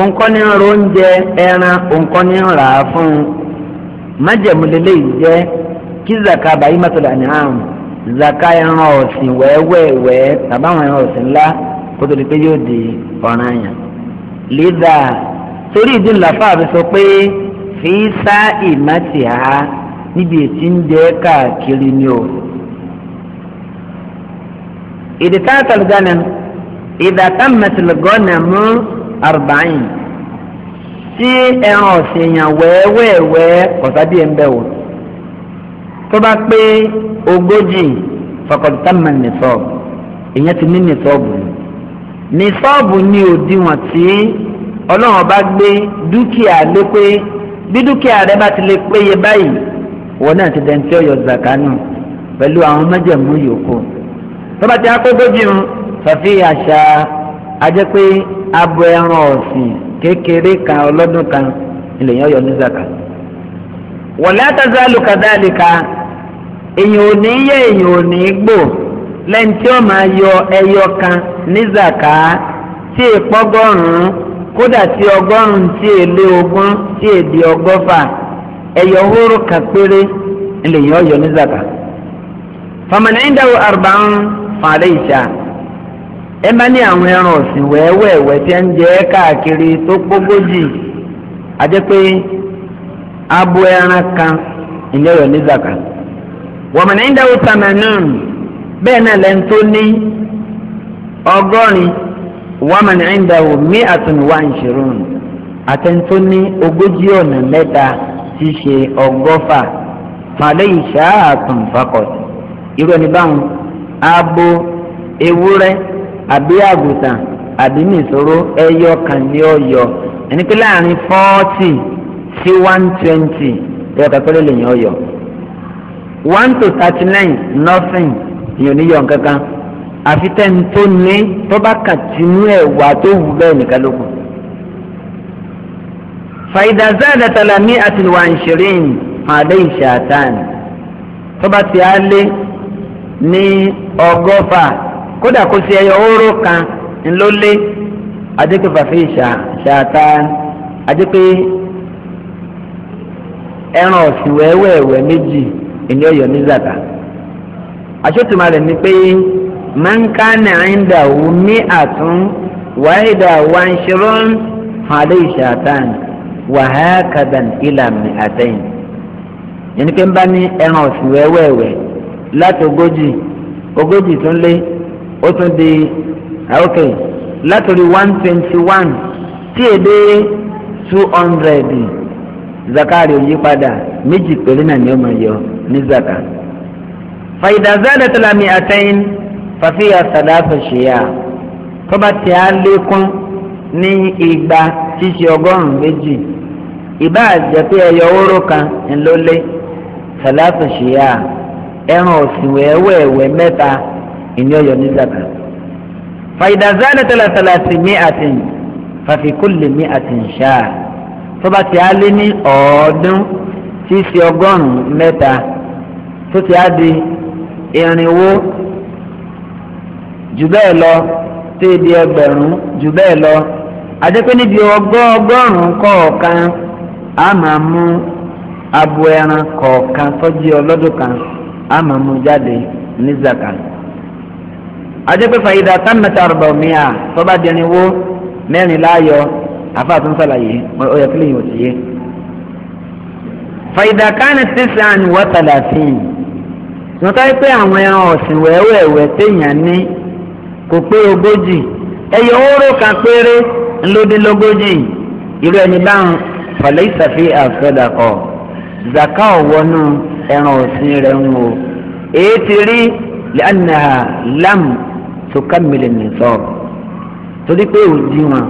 òǹkọ́ ní rò oúnjẹ ẹran òǹkọ́ ní rà fún un májẹ̀mú lélẹ́yìí jẹ́ kí zaka bàyí mọ́tò dàní àrùn. zaka ẹran ọ̀sìn wẹ́wẹ́wẹ́ tàbí àwọn ẹran ọ̀sìn ńlá kó tó di pé yóò di ọ̀ràn yàn. lídà torí ìdí làfà fi sọ pé fi sá ìmọ̀tì ha níbi ètí ń jẹ́ káàkiri ni o. ìdí táàtàlù gánà ìdá tàmẹ̀tìlù gánà mú àrùbáyìn tí ẹran ọ̀sìn yàn wẹ́wẹ́wẹ́ ọ̀sá díẹ̀ ń bẹ̀ wò tó bá pé ogójì fọkọtàmà nìsọ́ọ̀bù èèyàn ti ní nìsọ́ọ̀bù ni nìsọ́ọ̀bù ni òdiwọ̀n tí ọlọ́run bá gbé dúkìá lé pé bí dúkìá rẹ bá ti lè péye báyìí wọn náà ti dẹ̀ntì ọ̀yọ́ zakanu pẹ̀lú àwọn májẹ̀mú yòókù tó bá ti akógójì ń fàfi àṣà ajẹ́ pé abo ẹran ọ̀sìn kékeré kan ọlọ́dún kan ilẹ̀ yẹn ọ̀yọ́ ní zaka wọ̀lẹ́ àtàzálù kàdáàlì kan. èyàn ò ní yẹ èyàn ò ní gbò lẹ́ni tí ó máa yọ ẹyọ kan ní zaka tí ìpọ́gọ́rùn-ún kódà tí ọgọ́rùn-ún tí lé ogún tí di ọgọ́fà ẹyọ hóró kan péré lèyàn ọyọ ní zaka. fàmìlì ń fàlẹ́ ìṣá ẹ bá ní àwọn ẹran ọ̀sìn tí ń ní wọ̀mọ̀ ní dáwọ́ tamanun bẹ́ẹ̀ náà lẹ́nu tó ní ọgọ́rin wọ́mọ̀ ní dáwọ́ mí àtúnwá ìṣirun àtẹ̀ntó ní ogójì ọ̀nà mẹ́ta ti ṣe ọgọ́fà fàlẹ́ ìṣá àtúnfàkọ̀t irú ẹni báwọn abo ewúrẹ́ àbí àgùntàn àbí nìṣòro ẹyọ kan ọyọ ẹni pé láàrin fọ́ọ̀tì sí one twenty ẹyọ kan lèyìn ọyọ one to thirty nine nothing yóò ní yọ̀n kankan àfi tẹ́ni tó ní tó bá kà tìǹú ẹ̀ wà tó wù bẹ́ẹ̀ nìkan ló kù. fàyidà záàdà tala ní àtìlùwà ìṣirin àdé ìṣàtàn tó bá ti á lé ní ọgọ́fà kódà kó ṣe ẹyọ oró kan ńlọ lé adékè fàfi ìṣàtàn adékè ẹran ọ̀sìn wẹ́wẹ́wẹ́ méjì ẹni ọ̀yọ́ ní zaka àṣetùmọ̀ rẹ̀ ni pé mankana inda wu ní àtún wàhídà wàǹṣirọ́n fàdé ìṣàtàn wàhákàdàn ìlànà àtẹ̀yìn yẹn ni pé ń bá ní ẹran ọ̀sìn wẹ́wẹ́wẹ́ láti ogójì ogójì tún lé ó tún di ah, ok látòrí one twenty one tí èdè two hundred zakari yí méjì péré náà ni ó máa yọ ní zaka. fàyídà zádà tó lami àtẹ́yìn fàfíà sàdáfà ṣìyà tó bá ti á lékún ní igba ṣíṣe ọgọ́rùn-ún méjì ìbá jẹ́ pé ẹyọ oró kan ńlọlé sàdáfà ṣìyà ẹran ọ̀sìn wẹ́wẹ́wẹ́ mẹ́ta ìní ọ̀yọ́ ní zaka. fàyídà zádà sàlàsì mí àtẹ̀yìn fàfikún lè àtẹ̀yìn ṣáà tó bá ti lé ní ọ̀ọ́dún tí í ṣe ọgọ́rùn-ún mẹ́ta tó ti á di irinwó jù bẹ́ẹ̀ lọ tó di ẹgbẹ̀rún jù bẹ́ẹ̀ lọ àdékò níbi ọgọ́ọgọ́rùn-ún kọ̀ọ̀kan a máa mú abo ẹran kọ̀ọ̀kan tọ́jú ọlọ́dún kan a máa mú jáde ní zaka àdékò fàyídà támẹ́ta ọ̀rọ̀ mìíràn tọ́ba dẹni wo mẹ́rin láàyò àfa àtúnṣàlàyé ó yẹ ò ti yé fàyidà kánà tísàn wọ́tàlàfín nǹkan pé àwọn ẹran ọ̀sìn wẹ́wẹ́wẹ́ téèyàn ní kò pé ogójì ẹyọ oró kan péré ńlódínlógójì irú ẹni báwọn fàlẹ́ ìsàfihàn àfẹ́dàkọ̀ zaka ọ̀wọ́nú ẹran ọ̀sìn rẹ̀ ń wò èyí ti rí lẹ́nà lam tukamilẹ̀ nìsọ̀ torí pé òdiwọ̀n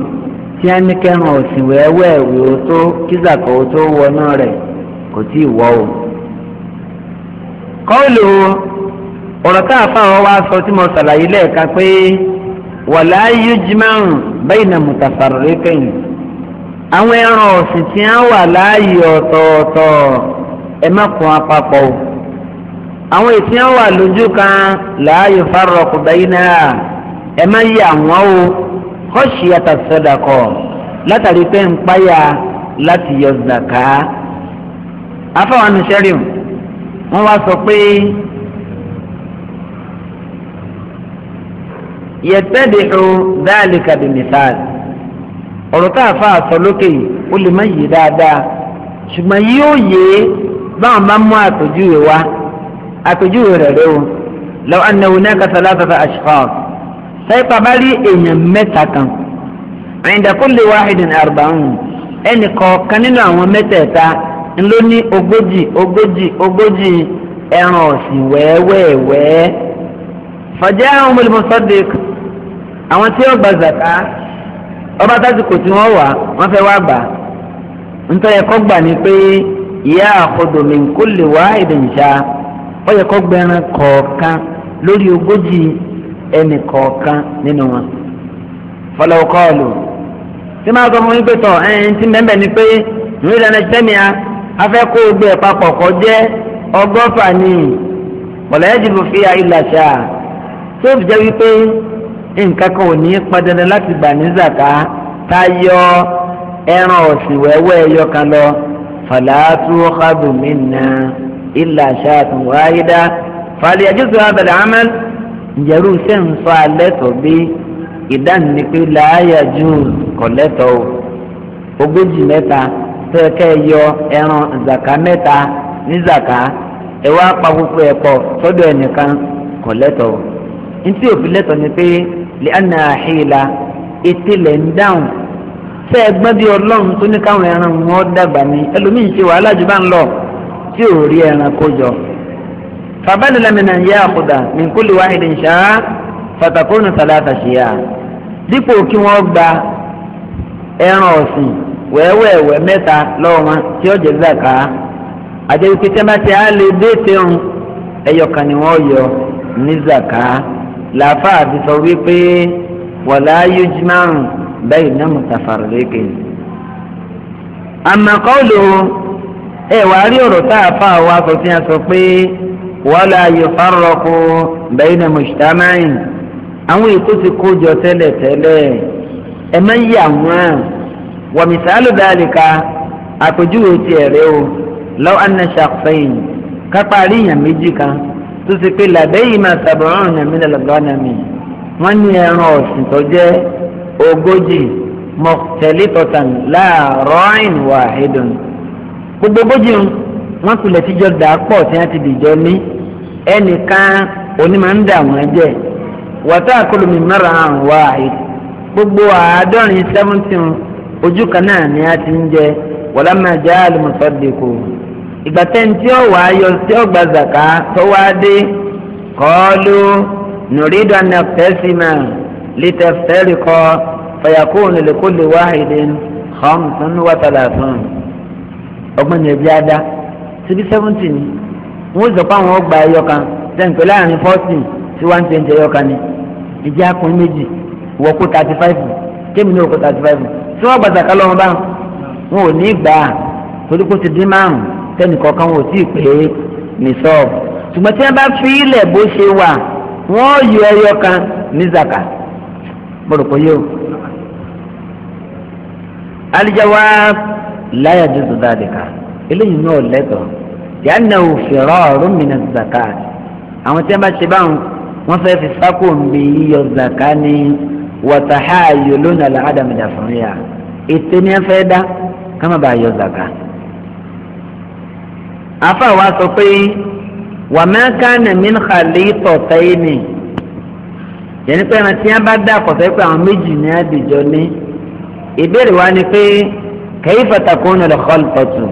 tí a ní kẹran ọ̀sìn wẹ́wẹ́wẹ́ ó tó kí zaka ó tó wọnú rẹ̀. kò tí ì wọ́ o. kọ́ọ̀lù ọ̀rọ̀ tá a fáwọn wá sọ tí mo ṣàlàyé lẹ́ẹ̀ka pé wàlá yujma'u bayna mutafarriqayn àwọn ẹran ọ̀sìn tí wà láàyè ọ̀tọ̀ọ̀tọ̀ ẹ má kún apapọ̀ o àwọn ètí a wà lójú kan la yufarraqu baynaha ẹ má yí àwọn o khashiyata sadaqa látàrí pé ń páyà láti afọwọ́nù sẹ́rìm wọ́n wá sọ pé yẹtẹ́dìhù dáàlìkà bí mìsáàl ọ̀rọ̀ tá a fa àsọ lókè yìí ó lè má yé dáadáa ṣùgbọ́n yóò yé báwọn bá mú àpèjúwe wá àpèjúwe rẹ̀ rẹ̀ o lọ́wọ́ anáwó náà kásá látàtà ashkhas sẹ́pà bá rí èèyàn mẹ́ta kan inda kulli wahidin arba'un ẹnì kọ̀ọ̀kan nínú àwọn mẹ́tẹ̀ẹ̀ta ńlọ ní ogójì ogójì ogójì ẹran ọ̀sìn wẹ́ẹ́wẹ́ẹ́wẹ́ fàjẹ́ àwọn ọmọ ìlú sọ́dẹ̀k àwọn tí ó gba zàká ọba tásìkò tí wọ́n wà wọ́n fẹ́ wá gbà ntọ́ yẹ kọ́ gbà ní pé ìyá àkọ́dọ̀mí kò lè wá ìdìjà ó yẹ kọ́ gbẹran kọ̀ọ̀kan lórí ogójì ẹnì kọ̀ọ̀kan nínú wọn fọlọ́wọ́ kọ́ọ̀lù tí máa sọ fún mi pé tọ̀ ẹ̀yìn tí mẹ́mbẹ́ ni pé nínú ìdáná jẹ́mìá afẹ́ kó o gbé ẹ̀ e papọ̀ kọ́ jẹ́ ọgọ́fà ni mọ̀lẹ́yìn jùlọ fi àìlà ṣá tó fi jẹ́ wípé nǹkan kan ò ní padàdà láti gbà ní zàká tá a yọ ẹran ọ̀sìn wẹ́wẹ́ ẹyọ kan lọ fàlàtú xadùmínà ìlà ṣá àtúnwáyédá fàlẹ́ àjọsọ abẹ́lẹ́ amẹ́l ìjẹ́rú sẹ́ǹfà lẹ́tọ̀ bí ìdánilẹ́pẹ́ láàyà jù kọ̀lẹ́tọ̀ ogójì mẹ́ta tó yẹ kẹ́ ẹ yọ ẹran zaka mẹ́ta ní zaka ẹ wá pa gbogbo ẹ̀ pọ̀ sọ́dọ̀ ẹnìkan kò lẹ́tọ̀ ntí òfin lẹ́tọ̀ ni pé lẹ́nà àhìlá ètè lẹ̀ ń dáhùn tẹ́ ẹ gbọ́n bí ọlọ́run tó ní káwọn ẹran wọn dàgbà ní ẹlòmíì ṣe wàhálà jù bá ń lọ tí ò rí ẹran kó jọ. fàbálẹ̀ lẹ́mìnà yẹ àkùdà ní kúlì wáhìdì ń ṣá fàtàkùnrin sàlátà ṣìyà dípò kí wọ́n gba ẹran ọ̀sìn wẹ́wẹ́wẹ́ mẹ́ta lọ́wọ́ wọn tí ó jẹ́ zaka àdéhùkí tẹ́mẹ́tì á lè dé tẹ́hùn ẹ̀yọkàn ni wọ́n yọ ní zaka làáfà àti sọ wípé wọ̀lá yujma'u bayna mutafarriqin. àmọ́ kọ́ọ̀lù ẹ̀ wá rí ọ̀rọ̀ tá a fà wá sọ sí yẹn sọ pé wọ́lá yufarraqu bayna mujtama'in àwọn ètò ti kó jọ tẹ́lẹ̀ tẹ́lẹ̀ ẹ̀ máa ń yà wọ́n ومثال ذلك àpèjúwe tiẹ̀ rẹ o law anna shakhsayn kápá àríyàn méjì kan tó ti pé làbẹ́yìn máa sàbọ̀rán ọ̀nà mi lọ́gọ́nà mi wọ́n ní ẹran ọ̀sìn tó jẹ́ ogójì mọ̀tẹ́lítọ̀tàn láàárọ̀ àìn wàhídùn gbogbo ogójì wọn kulẹ̀ tíjọ dà pọ̀ tí wọ́n ti dìjọ ní ẹnìkan onímọ̀ ń jẹ́ wọ́tá àkọlùmí mẹ́rin àrùn wáhíd gbogbo àádọ́rin seventeen ojú kan náà ni a ti ń jẹ wàlámà jẹ́ àlùmọ̀sọ́dẹ̀kù ìgbà tẹ́ǹtì ọ̀wà ayọ̀ tí ọ̀gbà zàká tó wá dé kọ́ọ́lù nùrídọ̀ nàfẹ́sìmà lítẹ̀fẹ́rìkọ fàyàkùn lèkúlè wáhìdín khamsun wa thalathun ọgbọ́n yẹn bí a dá síbi seventy ni wọ́n zọ àwọn ọgbà ẹyọ kan sẹ́ǹpẹ́ láàrin forty sí one twenty ẹyọ kan ni ìjẹ́ akùnrin méjì wọ́n thirty five kémi ní wọ́n thirty five tí wọ́n gbàtà ká lọ́wọ́ bá wọn ò ní gbà á torí kó ti dín márùn tẹ́nì kọ̀ọ̀kan wọn ò tí ì pé ní sọ́ọ̀bù ṣùgbọ́n tí wọ́n bá fi ilẹ̀ bó ṣe wà wọ́n yọ ẹyọ kan ní zaka gbọ́dọ̀ yóò. alijawa láyà jésù dáadé ká eléyìí náà lẹ́tọ̀ọ́ yànnà òfìrọ́ ọ̀rùn mi ní zaka àwọn tí wọ́n bá ṣe báwọn wọ́n fẹ́ fi sákò ń bi yíyọ zaka ní wọ́tàhá yòlónà làádàmìdà ètè ni ẹ fẹ́ dá ká má bàa yọ zaka. afa wa sọ pé wà má kánà mí xalí tọ̀tà yìí ni yẹnni pé ẹran tí wọn bá dá àkọsẹ́ pé àwọn méjì ní àdìjọ ní ìbéèrè wa ni pé kayfa takunu al-khaltatu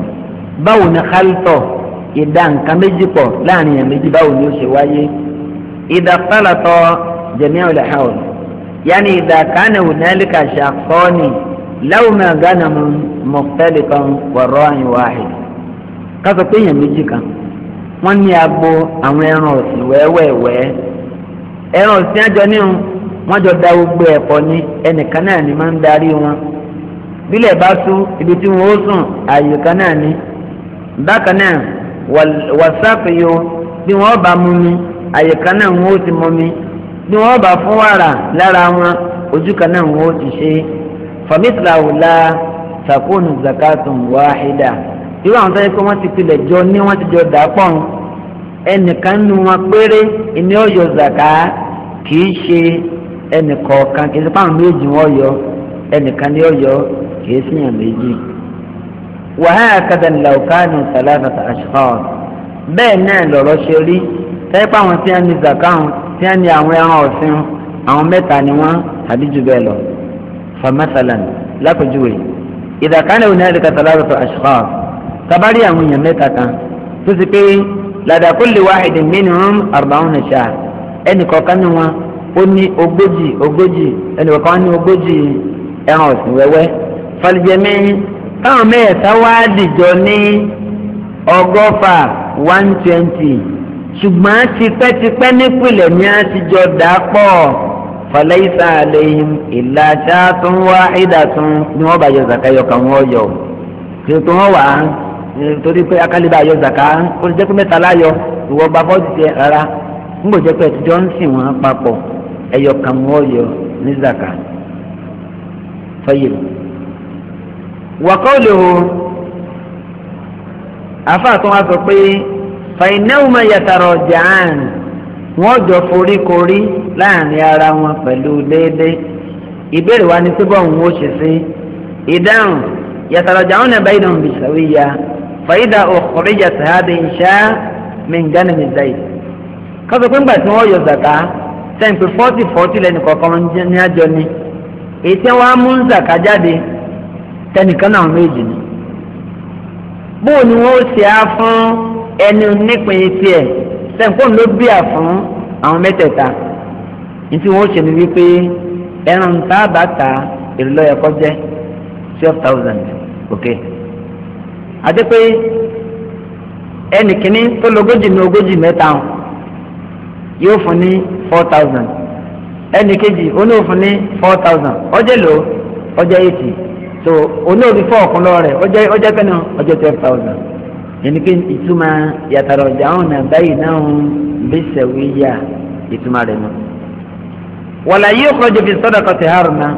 báwo ni xalitọ̀ ìdá nǹkan méjì pọ̀ láàrin yẹn méjì báwo ni ó ṣe wáyé ìdá xalitọ̀ jami'u al-hawl yàní ìdá kánà hunalika shakhsani. láwùmí àgánàmù mọ̀fẹ́lì kan wọ̀rọ̀ àyìn wáhì kásọ̀ pé méjì kan wọ́n ní agbo àwọn ẹran ọ̀sìn wẹ́wẹ́wẹ́ ẹran ọ̀sìn àjọ níhun wọ́n jọ da gbogbo ẹ̀pọ̀ ní ẹnìkan náà ni máa ń darí wọn bílẹ̀ bá ibi tí wọ́n ó sùn ààyè kan náà ni bákan náà wàsáàpì yìí ó bí wọ́n bá mú mi àyè kan náà ó ti mú mi bí bá fún wàrà lára wọn ojú kan náà ti ṣe fàmìtìláwò la takunu zakatun wáhídà irú àwọn tó yẹ kó wọ́n ti pilẹ̀ jọ ní wọ́n ti jọ dà pọ̀ ẹnìkan nu wọn péré ìní ọ̀yọ́ zaka kìí ṣe ẹnìkọ̀ọ̀kan kìí ṣe fáwọn méjì wọ́n yọ ẹnìkan ní ọ̀yọ́ kìí ṣe yàn méjì. wàhálà kàdán làwùkánù sàlàfàtà àṣùkọ́ bẹ́ẹ̀ náà lọ̀rọ̀ ṣe rí tẹ́pẹ́ àwọn tí wọ́n ní zaka tí wọ́n ní àwọn ẹran ọ̀sìn àwọn mẹ́ta ni wọ́n tàbí jù bẹ́ẹ̀ lọ famasalan lápẹjúwe ìdàkánlẹ̀ òní àdìkà tàlàrọ̀tọ̀ ashkhas tabari àwọn èèyàn mẹ́ta kan tó ti pé ladakulli wahidin minhum arba'una shahr ẹnì kọ̀ọ̀kan ní wọn ó ní ogójì ogójì ẹnì kọ̀ọ̀kan ní ogójì ẹran ọ̀sìn wẹ́wẹ́ falijẹmí táwọn mẹ́ẹ̀ẹ́ta wá dìjọ ní ọgọ́fà one twenty ṣùgbọ́n tipẹ́tipẹ́ nípìnlẹ̀ ni a ti jọ dà pọ̀ falaisa aleihim ìlà ṣáàtún wá ìdàtún ni wọ́n bá yọ zaka yọ kàn wọ́n yọ tuntun wọn wà torí pé akálíbà yọ zaka ó lè jẹ́ pé mẹ́ta láyọ ìwọ bá fọ́ ti tẹ rárá ń gbọ́dọ̀ jẹ́ pé ẹ̀túnjọ́ ń sìn wọ́n papọ̀ ẹ̀yọ kàn wọ́n yọ ní zaka fẹ́yẹ̀. wàkọ́ọ̀lù àfa àtúnwá sọ pé fàìnẹ́wùmá yàtàrọ̀ jàánù. wọ́n jọ foríkorí láàrin ara wọn pẹ̀lú déédéé ìbéèrè wa ni síbọ̀ sí ìdáhùn yàtàlọ́jà ọ̀nà báyìí náà fàyídà ìṣá mìǹgánìmì dáì kọ́sọ̀ pé ńgbà tí wọ́n yọ zàká sẹ́ǹpì fọ́tì fọ́tì lẹ́nu kọ̀ọ̀kan ní ni èyí tí wọ́n á mú zàká jáde tẹnìkan náà méjì ni bóò ni wọ́n ṣe á fún ẹni sẹ́ǹkóun ló bíà fún àwọn mẹ́tẹ̀ẹ̀ta ní tí wọ́n ṣe ni wípé ẹran tá a bá ta èrè lọ́yẹ̀ kọ́ jẹ́ twelve thousand okay àti pé ẹnì kìíní tó lógójì ní ogójì mẹ́ta yóò fún ní four thousand ẹnì kejì oníwò fún ní four thousand ọjẹ́ lò ọjẹ́ eighty so oníwò fi fọ́ ọ̀kun lọ́wọ́ rẹ̀ ọjẹ́ ọjẹ́ kẹ́nu ọjẹ́ twelve thousand ẹnikẹ́ ìtumọ̀ yàtọ̀rọ̀ dáhùn náà báyìí náà bẹ́sẹ̀ wíyà ìtumọ̀ rẹ̀ náà. wọ́lá yóò kọjú fi sọ́dọ̀ kọ́tì haruna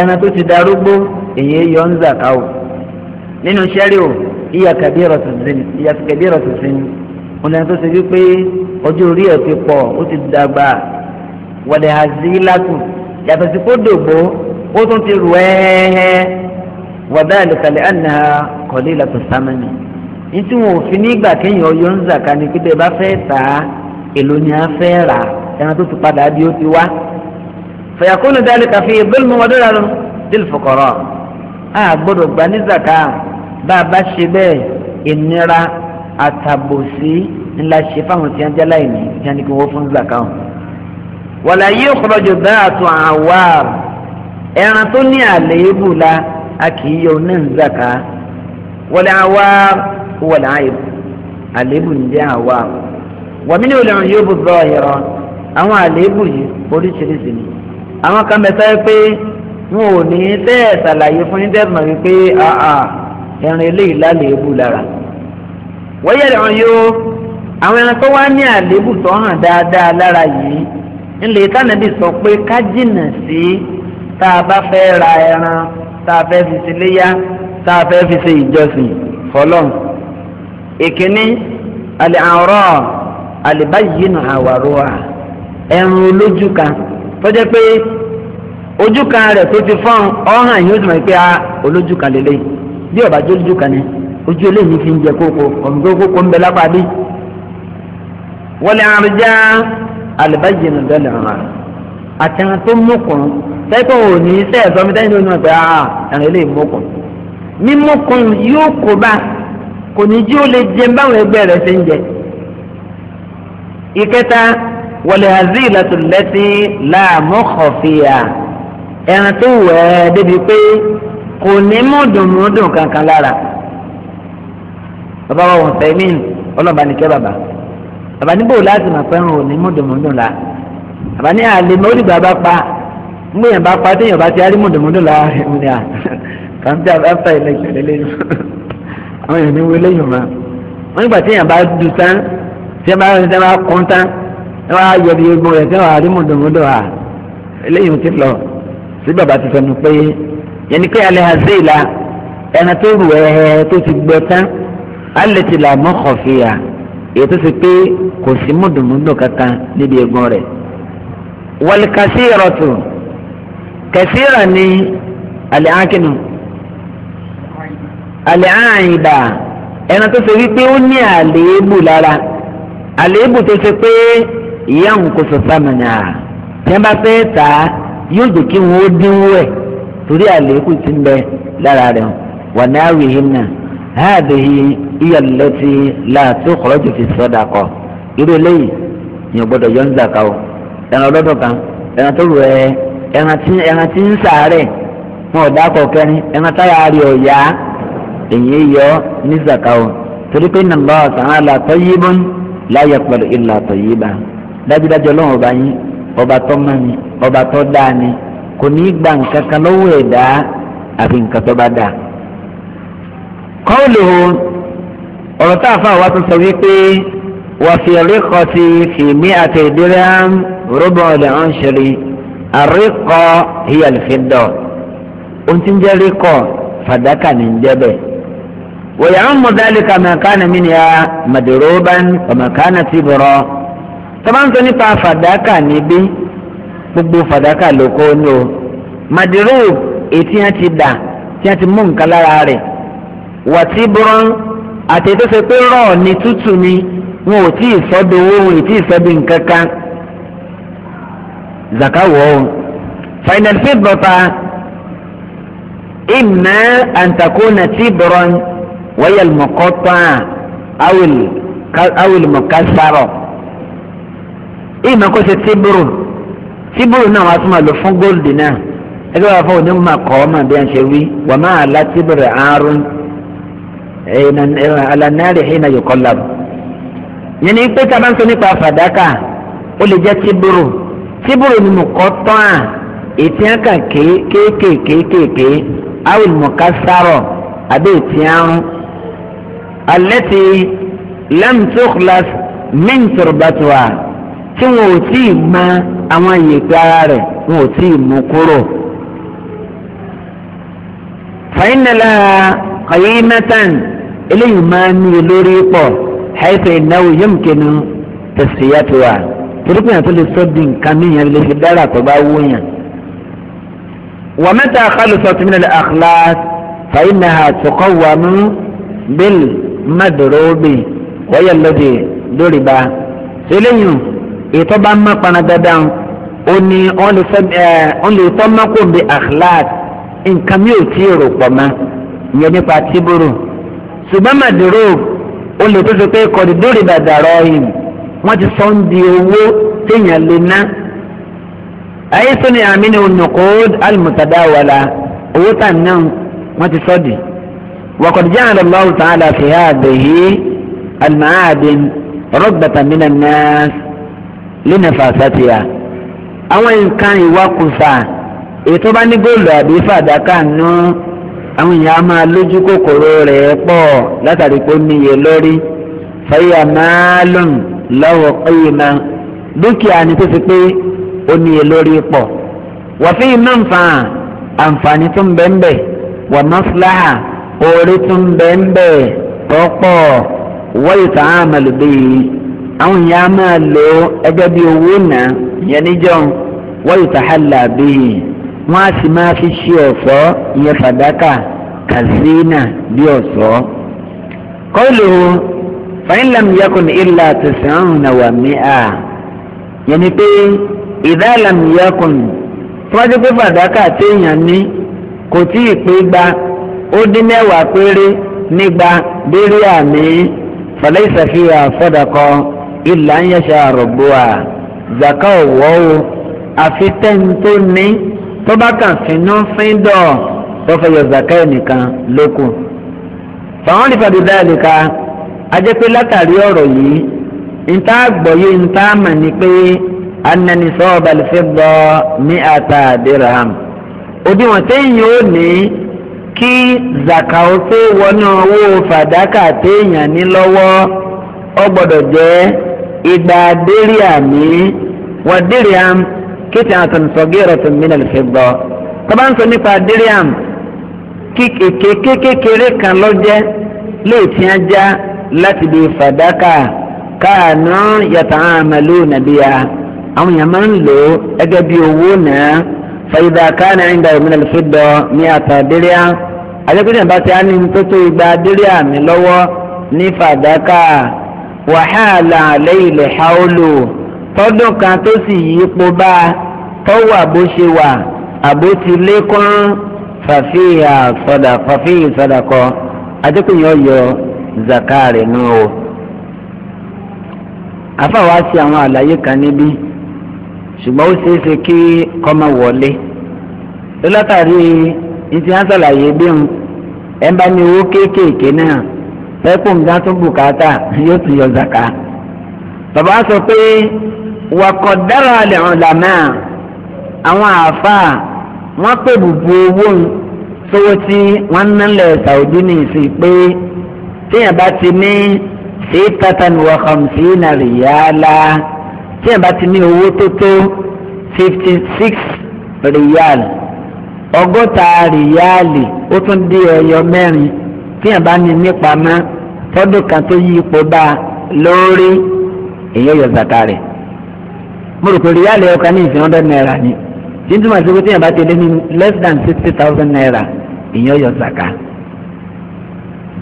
ẹran tó ti darúgbó èyí yọ ń zàká o nínú sẹ́rí o ìyà kàbí rọ̀tù sí ni wọn lẹ́nu tó ṣe wípé ọjọ́ orí ẹ̀ ti pọ̀ ó ti dàgbà wọ̀lẹ̀ àzílátù yàtọ̀ sí kó dògbó ó tún ti rù ẹ́ẹ́ẹ́ wọ̀dà àlùkàlẹ̀ àná kọ̀lí ìlàtọ̀ sámẹ́ni nítí wọn ò fi nígbà kéèyàn ọyọ ń zàkà ni pété bá fẹ́ tà á èlò ni a fẹ́ rà ẹran tó ti padà bí ó ti wá. fẹ̀yàkúnú dáálé kàfé ìbẹ́lùmọ́ wọn dára lọ délù fọkọ̀rọ̀ a gbọ́dọ̀ gbà ní zàkà bá a bá ṣe bẹ́ẹ̀ ìnira àtàbòsí ńlá ṣe fáwọn tí wọn jẹ́ láìní tí wọn ní kí wọ́n fún zàkà wọn. wàlá yìí kọ́lọ́jọ bá àtún àwa ẹran tó ní àléébù la a kì í yọ ní zàkà wàlá àwa. هو العيب àléébù ń jẹ́ àwa wàmí ni olè yóò bó zọ ìrọ àwọn àléébù yìí Awọn ò ní tẹ́ ẹ̀ ṣàlàyé fún yín dẹ́gbọ̀n wípé ẹran eléyìí láléébù lára wọ́yẹ̀ ẹ̀rọ yóò àwọn ẹran tó wá ní àléébù tó hàn dáadáa lára yìí ńlẹ̀ tánàbì sọ pé ká jìnnà sí tá a bá fẹ́ ra a fẹ́ fi ṣe léyà tá a fẹ́ ìkíní àlẹ́àrọ́ àlẹ́báyìínú àwàrọ́ à ẹ̀rùn olójú kan tọ́jẹ́ pé ojú kan rẹ̀ tó ti fọ́n ọ̀hàn yìí ó sì mọ̀ pé a ah, olójú kan lélẹ̀ bí ọ̀bà jó ojú kan ni ojú eléyìí fi ń jẹ kókó ọ̀gbìn kókó ń bẹ lápá bí. wọlé àrùjá àlẹ́báyìínú dọ́lẹ̀ ọ̀hàn àti àwọn tó mọ̀kùn tẹ́tọ̀ ò ní sẹ́ẹ̀ sọmi tẹ́yìn ló ń pẹ́ ẹ̀rùn eléyìí mọ̀kùn mímọ̀kùn yóò kó bá kò ní jí ó lè jẹun báwọn ẹgbẹ́ rẹ̀ ṣe ń jẹ. ìkẹta wọlé azilatu lẹ́tí láàmú kọ̀fìyà ẹran tó wẹ̀ ẹ́ débi pé kò ní mọ̀dùnmọ́dùn kankan lára. bàbá wa wọ̀n fẹ́mìn ọlọ́ba nìkẹ́ bàbá bàbá níbo láti máa fẹ́ràn òní mọ̀dùnmọ́dùn la bàbá ní àlè mọ́ òdìgbà pa ngbẹ̀yìn bá pa téèyàn bá ti arí mọ̀dùnmọ́dùn la rẹ̀ mú ni à kàńtà bá ilẹ̀ ìṣẹ̀lẹ̀ lẹ́yìn àwọn èèyàn ní wọlé yìí mọ́ wọ́n nígbà tí èèyàn bá du tán tí èèyàn bá tí èèyàn bá kún tán ẹ wá yọ bí egun rẹ̀ tí wọ́n á rí mọ̀dọ̀mọ́dọ̀ à eléyìí ti lọ sí bàbá ti sọnù pé yẹn ni pé alẹ́ àzẹ́ ìlà ẹran tó rù ẹ̀ tó ti gbẹ tán alẹ́ ti là mọ́ kọ̀fìyà èyí tó ti pé kò sí mọ̀dọ̀mọ́dọ̀ kankan níbi egun rẹ̀ wọ́n kàṣí ìrọ̀tù ni alẹ́ ákínú àlẹ́ àìbà ẹran tó ṣe wípé ó ní àléébù lára àléébù tó ṣe pé ìyá òun kò sọ̀tà mọ̀nyà tí wọ́n bá fẹ́ tà á yóò jẹ́ kí wọ́n ó dínwó ẹ̀ torí àléébù ti ń bẹ lára rẹ̀ wà ní àwìhìn náà háàdìhì ìyàlẹ́tì láàtó kọ̀rọ̀jù fi sọ́dà kọ irú eléyìí ni ò gbọ́dọ̀ yọ ń zàkà o ẹran ọlọ́dọ̀ kan ẹran tó rẹ̀ ẹran tí ń sàárẹ̀ wọn ò dákọ̀ kẹrin ẹran táyà rí ọ̀ yá èyí yọ ní zaka o torí pé inna Allah ta'ala tayyibun la yaqbalu illa tayyiba dájúdájú ọlọ́run ọba yín ọba tó mọ́ ni ọba tó dáa ni kò ní í gba nǹkan kan lọ́wọ́ ẹ̀dá àfi nǹkan tó bá dáa. kọ́ọ̀lù ọ̀rọ̀ tá a fà wá tó sọ wípé wà fi ríkọ ti fi àti ìdílé rúbọ̀ ọ̀lẹ̀ ọ̀hún ṣeré àríkọ hiya al-fidda ń jẹ́ ríkọ fàdákà ní ń jẹ́ bẹ́ẹ̀. ويعم ذلك ما كان منها مدروبا وما كان تبرا طبعا تنفع فداكا نبي gbogbo fàdákà ló kó ní o madirob etí yẹn ti dà tí yẹn ti mú nǹkan lára rẹ̀ wàtí buran àti tó ṣe pé rọ ni tútù ni wọn ò tí ì sọdọ owó wọn ò tí ì sọdọ nǹkan kan zakawọ o final fit bọta ìmọ̀ àǹtakùn àti buran wọ́yẹ̀ mọ̀kọ́tàn awìl mọ̀kásárọ̀ ìmọ̀ kó ṣe tíbùrù tíbùrù náà wàá túmọ̀ lò fún góòlù náà ẹgbẹ́ wàá fọ onímọ̀ kọ́ ọ́ máa bí wọ́n ṣe wí wọ́n máa la tíbùrù àárún alanaari hina yukọlab yẹn ni pé tábà ń sọ nípa fàdákà ó lè jẹ́ tíbùrù tíbùrù ni mọ̀kọ́tàn ètí àkà kéékèèkéèké awìl mọ̀kásárọ̀ àbẹ́ ètí àrùn alẹ́tì lẹ́mtòklas mintobatuwa tí wọn ò tí ì mọ àwọn ìyèpẹ̀ ara rẹ̀ wọn ò tí ì mú kúrò. fàyínàlá kọ̀yínmẹ́tàn eléyìí máa ń ní lórí pọ̀ ṣàìsàn ìnáwó yọ̀mùkẹ́nu tẹ̀síyàtúwà torí pé àtúntò sọ di nǹkan níyàn lè fi dára tó bá wúyàn. wàmẹ́ta kálùsọ̀tún mi nílẹ̀ àkàlà fàyínàlá tó kọ́ wà mú bẹ́ẹ̀lì mádùróbì wọ́yà lọ́dẹ lórí ba eléyìí ètò bá má panadada ó ní wọ́n lè tọ́ mọ́kò bí akhlaq nǹkan mi ò tí ì rò pọ̀ mọ́ ìyẹn nípa tíbúrò ṣùgbọ́n mádùróbì ó lè tó ṣe pé kọ́ni lórí ba dàrọ́ yìí wọ́n ti sọ ń di owó téèyàn lè ná ayé sọ́ni àmì ni onùkó alùmùtàdáwàlà owó tà náà wọ́n ti sọ́ di. So وقد جعل الله تعالى في هذه المعادن رغبة من الناس لنفاستها àwọn nǹkan ìwakùsà ètò bá ní góòlù àbí fàdákà nù àwọn èèyàn á máa lójú kòkòrò rẹ̀ pọ̀ látàrí pé ó níye lórí fẹ́yà máàlùm lọ́wọ́ ọ̀yìnmá dúkìá ni tó ti pé ó níye lórí pọ̀ wọ́n fi iná ń fa àǹfààní tó ń bẹ́ẹ̀ bẹ́ẹ̀ wọ́n mọ́síláhà orí tún bẹ́ẹ̀nbẹ́ pọ́pọ́ wọ́yì tá a màlù bíi àwọn èèyàn á máa lò ó ẹgbẹ́ bíi owó náà yẹn níjọ́ wọ́yì tá a là bíi wọ́n á sì máa fi ṣe ọ̀ṣọ́ ìyẹn fàdákà kàzínà bí ọ̀ṣọ́. kọ́lù fàyínlẹ̀m yakùn ìlà tẹ̀sán náà wà mí à yẹn ni pé ìdálàm yakùn tọ́jú pé fàdákà téèyàn ní kò tí ì pé gba ó dín mẹ́wàá péré nígbà bíríà ní fàlẹ́ ìsàfihàn àfọ́dàkọ ìlà ń yẹ̀ṣẹ̀ àrògbòà zaka ọ̀wọ́ o àfi tẹ́ńtò ní tó bá kàn fínú fíndọ̀ tó fẹ́ yọ zaka ẹnìkan lókù. fàwọn olùfàdù dáàlìka ajẹ́pẹ́ látàrí ọ̀rọ̀ yìí níta gbọ̀yé níta mọ̀ ní pé ananisọ́ bọ́ ní ata dirham òdiwọ̀n téèyàn ó ní kí zakao tó wọnú owó fàdákà téèyàn ní lọ́wọ́ ó gbọ́dọ̀ jẹ́ igba dírìà ní wọ́n dírìà kìtì àtàn sọ̀gẹ́rọ̀ tó mìíràn fi gbọ́. tọ́ba ń sọ nípa dírìà kékeré kan lọ́jẹ́ léètì ajá láti bí fàdákà káànú yàtọ̀ àmàlú nàbíyà àwọn èèyàn máa ń lò ó gẹ́gẹ́ bí owó náà fàyídà káànú ẹ̀ńdà ìmìnà fi gbọ́ àjẹpẹ́tẹ̀ bá ti á ní tó tó igba adéré àmì lọ́wọ́ ní fàdákà wàhálà àlẹ́ ilẹ̀ haolo tọ́dún kan tó sì yípo bá tọ́wọ́ àbó ṣe wà àbó ti lékún fàfihà sọ̀dà fàfihì sọ̀dàkọ àjẹpẹ́yìn ọ̀yọ́ zakari nù o. àfàwọ́ ṣe àwọn àlàyé kan níbí ṣùgbọ́n ó ṣeé ṣe kí kọ́mọ wọlé lọ́lọ́tàrí ìtì sàlàyé bí wọn ẹ bá ní owó kéékèèké náà pẹ́pọ̀ nǹkan tó bùkátà yóò tún yọ zaka. bàbá sọ pé wakọ̀ dára lẹ̀ ọ̀làmọ́ àwọn àáfàá wọ́n pè bùbù owó sówó tí wọ́n ń nálẹ̀ sàwùdí ní ìsìn pé téèyàn bá ti ní sí tatan wà hàmsí nà rìyálà téèyàn bá ti ní owó tó tó fifty six rìyálà ọgọ́ta rìyáàlì ó tún dé ẹyọ mẹ́rin tíyàn bá ní nípamọ́ tọ́dún kan tó yí ipò bá a lórí èyàn yọ zàkà rẹ̀ mo rò pé rìyáàlì ọkàn ní ìfihàn hundred naira ni jíjúmọ̀ sí pé tíyàn bá ti lé ní less than sixty thousand naira èyàn yọ zàkà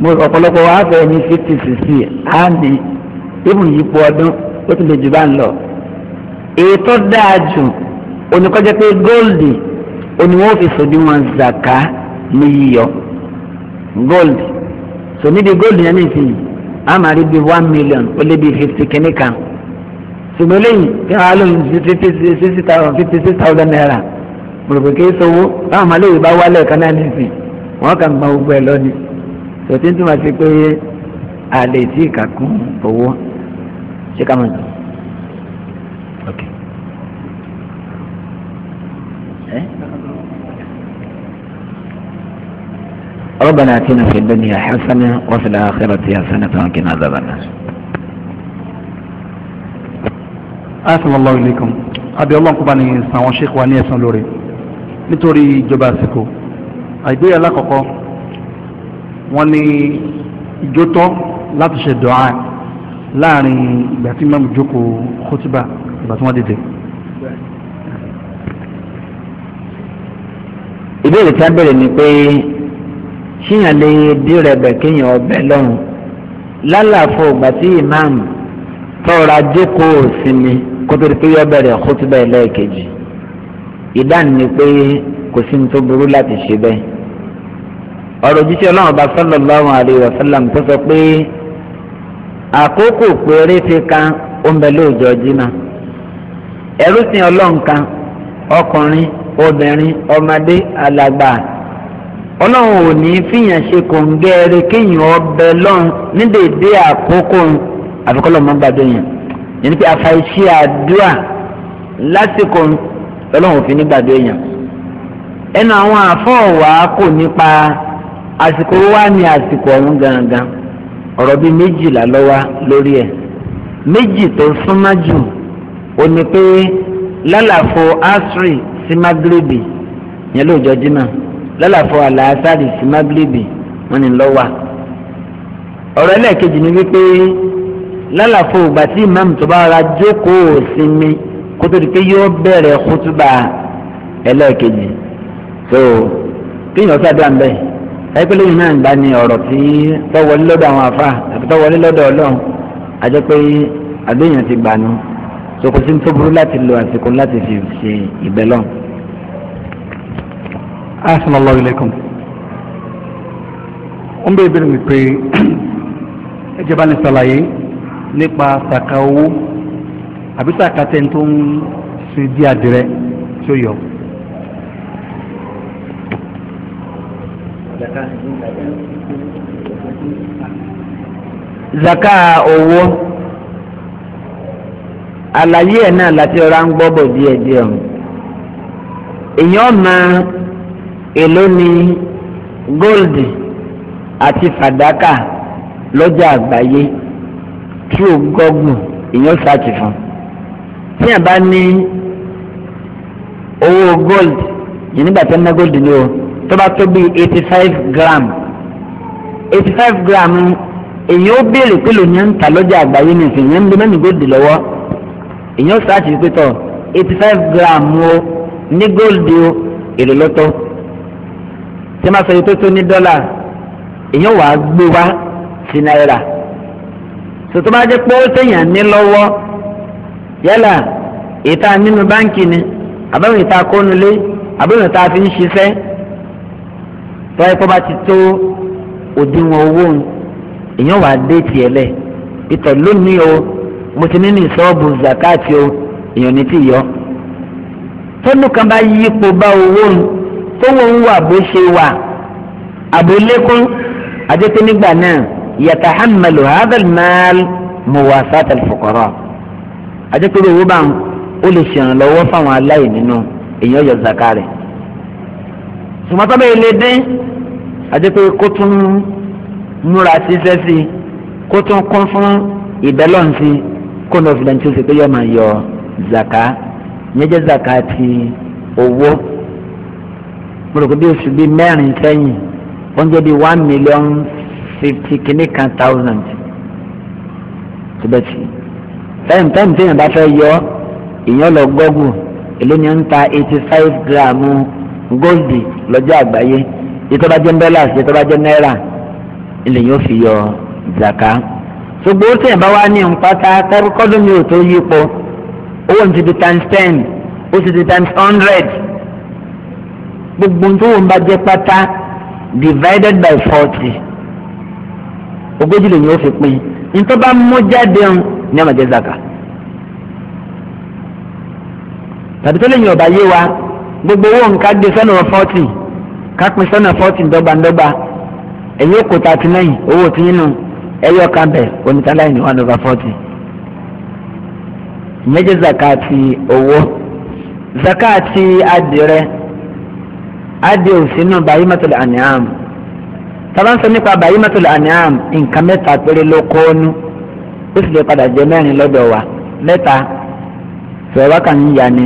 mo ọ̀pọ̀lọpọ̀ wa fẹ́ ní fifty sixty á ní ibùn yípo ọdún ó tún lè jù bá ń lọ èyí tó dáa jù oníkọ́jẹ́ pé góòlì òní wọ́n fi sòdiwọ̀n zaka ní yíyọ gold so níbi gold yẹn nìsín a máa rí bíi one million ó lé bíi fifty kìíní kan ṣùgbọ́n lẹ́yìn kí wọ́n á lóyún fifty six thousand fifty six thousand naira mọ̀lùkù kì í sọ́wọ́ báwọn ọmọ aléyìí bá wálẹ̀ kan náà nìsín wọ́n kàn gba gbogbo ẹ̀ lọ́ni sòtí ń túmọ̀ sí pé àlè tí ì owó ṣé ká mọ̀ jù. ربنا اتنا في الدنيا حسنه وفي الاخره حسنه وقنا عذاب النار asalaamu alaykum aleykum abi ọlọ́run kó bá ní san àwọn sheikh wa ní ẹ̀san lórí nítorí ìjọba àsìkò àìgbéyà alákọ̀ọ́kọ́ wọn ní ìjótọ́ láti ṣe dọ̀á láàrin ìgbà tí mẹ́mú jókòó kótíbà ìgbà tí wọ́n dìde. ìbéèrè tí a bẹ̀rẹ̀ ni pé ṣíyàn lè dírẹ̀bẹ̀ kéèyàn ọbẹ̀ lọ́rùn lálàfo ìgbà tí imam tọ́ra jókòó sinmi kótó pé yọ bẹ̀rẹ̀ kótóbá ẹlẹ́ẹ̀kejì ìdáhùn ni pé kò sí ní tó burú láti ṣe bẹ́ẹ̀ ọ̀rọ̀ jíṣẹ́ ọlọ́run ọba sallallahu alaihi wasallam tó sọ pé àkókò péréte kan ó ń bẹ lóòjọ́ jìnnà ẹrú sin ọlọ́run kan ọkùnrin obìnrin ọmọdé alàgbà ọlọ́run ò ní fìyàn ṣe kòǹgẹ́rẹ́ kéèyàn ọbẹ̀ lọ́n ní dèdè àkókò àfikọ́lọ́ mọ́ gbàdọ̀ yẹn yẹn ni pé àfàìṣe àdúrà lásìkò ọlọ́run òfin nígbàdọ̀ yẹn ẹnu àwọn àfọ̀wá kò nípa àsìkò wá ní àsìkò ọ̀hún gangan ọ̀rọ̀ bíi méjìlá lọ́wọ́ lórí ẹ̀ méjì tó súnmọ́ jù ó ní pé lálàfo asri sí magrebi yẹn lóòjọ́ jimá. lọ́làfọ́ àlàásàrì sí mágírèbì wọn ni lọ́wà ọ̀rọ̀ ẹlẹ́ẹ̀kejì ni wípé lálàfo ìgbà tí imam tó bá ra jókòó sinmi kó tó di pé yóò bẹ̀rẹ̀ kútúbà ẹlẹ́ẹ̀kejì so kéèyàn sábà ń bẹ̀ ẹgbẹ́ lẹ́yìn náà gbá ni ọ̀rọ̀ tí tọ́wọlé lọ́dọ̀ àwọn afa àti tọ́wọlé lọ́dọ̀ ọlọ́run àjẹ́ pé àbẹ́yàn ti gbà nù so kò sí ní tó burú láti lo àsìkò láti fi ṣe ìbẹ́lọ́n. ahsan allah ilaykum wọ́n bẹ̀rẹ̀ bẹ̀rẹ̀ wípé ẹjẹ́ bá ní sàlàyé nípa sàkà owó àbí sàkà tẹ̀ di zaka owó àlàyé ẹ̀ náà láti ń o èèyàn èló ni góòlì àti fàdákà lọ́jà àgbáyé tí ò gọ́gùn èèyàn ṣáàtì fún tí a bá ní owó gold yìí nígbà tí a ná gold ni o tó bá tó bí eighty five gram eighty five gram èèyàn ó béèrè pé lòun ń ta lọ́jà àgbáyé nìsín èèyàn ń lo mẹ́rin gold lọ́wọ́ èèyàn ṣáàtì pé tọ̀ eighty five gram o ní gold o èrè lọ́tọ̀ tí máa sọ yìí tó tó ní dọ́là èèyàn wàá gbé wá sí náírà sòtò bá jẹ́ pé ó téèyàn ní lọ́wọ́ yálà ìta nínú báńkì ni àbẹ̀wò ìta kónulé àbẹ̀wò ìta fi ń ṣiṣẹ́ tó ẹ kó bá ti tó òdiwọ̀n owó èèyàn wàá dé tiẹ̀ lẹ̀ ìtọ̀ lónìí o mo ti ní ní ìsọ́ọ̀bù zakati o èèyàn ní ti yọ tọ́lù kan bá yípo bá owó nù tóun ń wà bó ṣe wà àbólékún àjẹpẹ́ nígbà náà yatahammalu hadal maal muwasat alfuqara àjẹpẹ́ owó bá ń ó lè ṣèrànlọ́wọ́ fáwọn aláìní nínú èèyàn yọ zaka rẹ̀ sùmọ́tọ́ bẹ́ẹ̀ lè dín àjẹpẹ́ kó tún múra ṣiṣẹ́ sí kó tún kún fún ìbẹ́lọ́ǹsì kó ní ọ̀fìlẹ̀ tí ó ṣe pé yọ máa yọ zaka yẹn zaka ti owó gbọdọ̀gbọ́ bí oṣù bíi mẹ́rin sẹ́yìn oúnjẹ bíi one million fifty kìíní kan thousand tibẹ̀tì time time tí èèyàn bá fẹ́ yọ èèyàn lọ gọ́gù èló ni ó ń ta eighty five gram gold lọ́jọ́ àgbáyé ìtọ́ba jẹ́ dollars ìtọ́ba jẹ́ náírà ilẹ̀ yóò fi yọ zaka ṣùgbọ́n ó tẹ̀yìn bá wá ní nǹpátá kọ́dún mi ò tó yípo owó ti di times ten ó ti di times hundred gbogbo tó wọn bá jẹ pátá divided by forty ogójì lèyìn ó fi pín nítorí bá mú jáde ń ní ọmọdé zaka tàbí tó lèyìn ọba yé wa gbogbo owó nǹkan gbé sọ́nà forty kápin sọ́nà forty dọ́gbandọ́gba ẹ̀yìn òkú thirty nine owó tí nínú ẹ̀yọ kan bẹ̀ onítàláyìn ní one over forty ìyẹn jẹ́ zaka ti owó zaka ti adìrẹ. adé òsínú bahimatul an'am tabanso nípa bahimatul an'am nǹkan mẹ́ta péré ló kóónú ó sì lè padà jẹ mẹ́rin lọ́dọ̀ wa mẹ́ta fẹ̀wá kan yà ní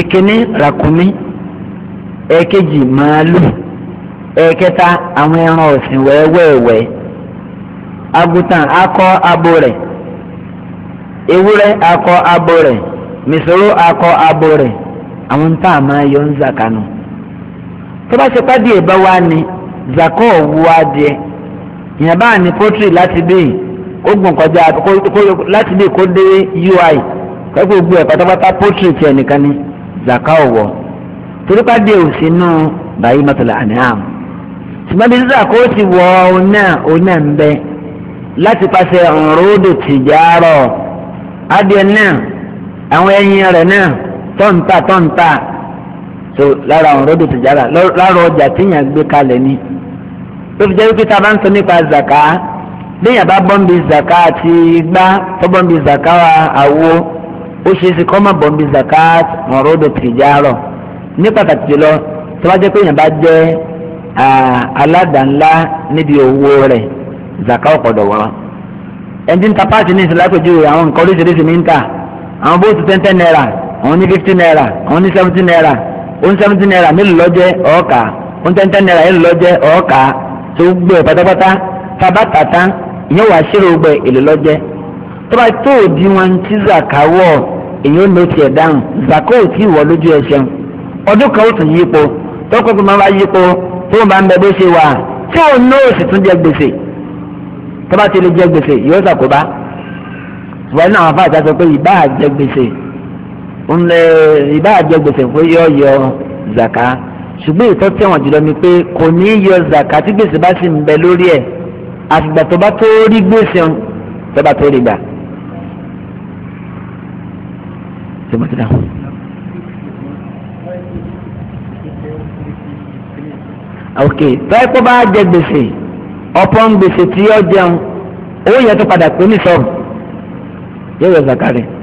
ìkíní ràkúnmí ẹ̀ẹ́kejì màálù àwọn ẹran ọ̀sìn wẹ́wẹ́wẹ́ akọ abo iwure akọ abo misoro akọ abo rẹ̀ àwọn ń tà yọ ń tó bá ṣe pàdé ìbá wa ni zakọ wu adìẹ ìyẹn bá ní pọtri láti bí ó gbọ̀n kọjá láti bí kó dé ui pẹ́pẹ́ gbogbo ẹ̀ pátápátá pọtri tiẹ̀ nìkan ni zakọ wọ̀ torí pàdé òsínú bàyí mọ́tòlá àníhàm ṣùgbọ́n bí zakọ ti wọ ọ̀nà ọ̀nà ń bẹ láti pàṣẹ ọ̀rọ̀dò tìjàrọ̀ adìẹ náà àwọn ẹyin rẹ̀ náà tọ́ǹtà tọ́ǹtà so lára àwọn rọ́dò tìjára lára ọjà tíyàn gbé kalẹ̀ ni tó fi jẹ́ wípé tá a bá ń sọ nípa zaka léyìn àbá bọ́m̀bì zaka àti gbá tó bọ́m̀bì zaka àwo ó ṣe é ṣe kọ́ mọ̀ bọ́m̀bì zaka àwọn rọ́dò tìjára ní pàtàkì jùlọ tó bá jẹ́ pé èèyàn bá jẹ́ aládàńlá níbi owó rẹ̀ zaka ọ̀pọ̀dọ̀ wọ́n ẹni tí ń ta páàtì ní ìsìlápẹ̀ ju àwọn nǹkan oríṣiríṣi ní ń ta àwọn bóòtù ten ten naira àwọn ní fifty naira àwọn ní seventy naira òun seventy naira mélòó lọ́jẹ́ ọ̀ọ́kà òun ten ten naira mélòó lọ́jẹ́ ọ̀ọ́kà tó gbé pátápátá tabatata ìyẹn wàá ṣírò gbẹ èlò lọ́jẹ́ tó bá tó òdi wọn ti zakawọ èyàn ló tiẹ̀ dáhùn zakó ò tí ì wọ lójú ẹsẹ̀ ọdún kan ó tún yípo tọ́kọ̀ tó máa bá yípo tó máa ń bẹ bó ṣe wà tí òun náà sì tún jẹ gbèsè tó ti lè jẹ gbèsè yóò ṣàkóbá ṣùgbọ́n náà àwọn afáàjà sọ pé ìbá ńlẹ ìbá àjọ gbèsè pé yọ yọ zaka ṣùgbọ́n ìtọ́ tẹ̀wọ̀n jùlọ ni pé kò ní í yọ zaka tí gbèsè bá sì ń bẹ lórí ẹ̀ àtìgbà tó bá tó rí gbèsè ń tó bá tó rí gbà. ok tọ́ẹ̀pọ̀ bá jẹ gbèsè ọ̀pọ̀ ń gbèsè tí yọ jẹun owó yẹn tó padà pé ní sọ́ọ̀bù yóò yọ zaka rẹ̀.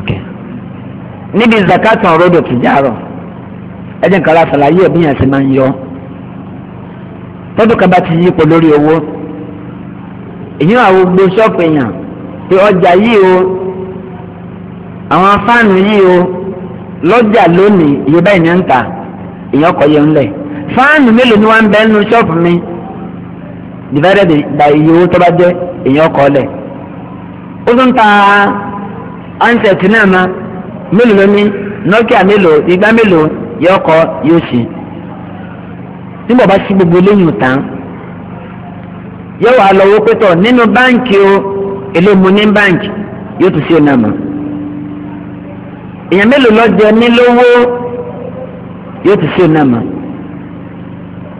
okay níbi zakatu ọ̀rọ̀dọ̀ tìjàrọ̀ ẹ̀jẹ̀ nǹkan aláṣàlàyé ẹ̀bí yẹn ti máa ń yọ tọ́dún kan bá ti yípo lórí owó èyí àwọn gbogbo ṣọ́ọ̀pù èèyàn pé ọjà yìí o àwọn fáànù yìí o lọ́jà lónìí iye báyìí ni ń tà èèyàn kọ yẹ ń lẹ̀ fáànù mélòó ni wọ́n ń bẹ nínú ṣọ́ọ̀pù mi divided by iye owó tó bá jẹ́ èèyàn kọ́ lẹ̀ ó tún ta handset náà ma mélòó ló ní nokia mélòó igba mélòó yóò kọ yóò ṣe nígbà bá sí gbogbo lẹ́yìn tán yóò wá lọ owó pẹ́tọ̀ nínú báǹkì o èlé mu ní báǹkì yóò tún sí ọ náà mọ̀ èèyàn mélòó lọ́jọ́ nílówó yóò tún sí ọ náà mọ̀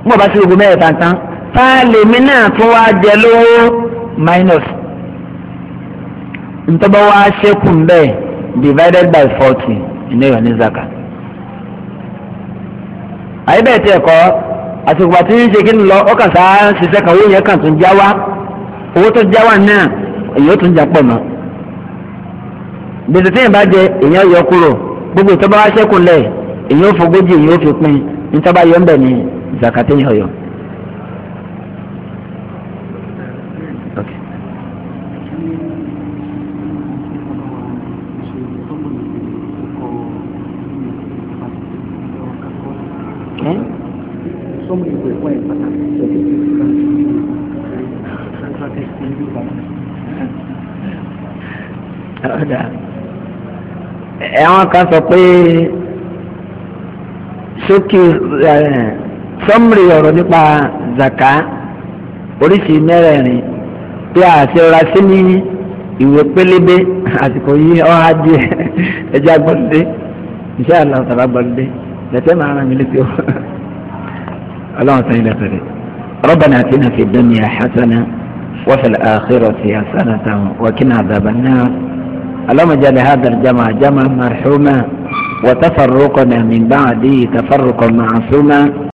nígbà bá sí gbogbo mẹ́rin tán tán fáàlì mi náà tún wá jẹ lówó minus ntọ́ba wa ṣẹ́kù bẹ́ẹ̀ divided by forty ní ìyọ̀ ní zaka. àyè bẹ́ẹ̀ tiẹ̀ kọ́ àsìkò àti ṣe kí n lọ ọkà sáà ṣiṣẹ́ kan owó yẹn kàn tún já wá owó tó já wá náà èyí ó tún já pọ̀ mọ́. gbèsè tí yẹn bá jẹ èyàn yọ kúrò gbogbo ìtọ́ba wa ṣẹ́kù lẹ̀ èyí ó fogójì èyí ó fi pín ntọ́ba yọ ń bẹ̀ ní zaka tí yẹn àwọn kan sọ pé ṣókè sọmúrì ọ̀rọ̀ nípa zaka oríṣi mẹ́rẹ̀ẹ̀rin pé àti ọ̀rá sí ní ìwé pélébé àsìkò yìí ọ̀há díẹ̀ ẹjẹ́ agbọ́dúdé iṣẹ́ àlàntàlà agbọ́dúdé lẹ́tẹ̀ máa rán mi létí o ọlọ́run sẹ́yìn lẹ́tọ̀ rẹ̀ ربنا آتنا في الدنيا حسنة وفي الآخرة حسنة وقنا عذاب النار اللهم اجعل هذا الجمع جمع مرحوما وتفرقنا من بعده تفرقا معصوما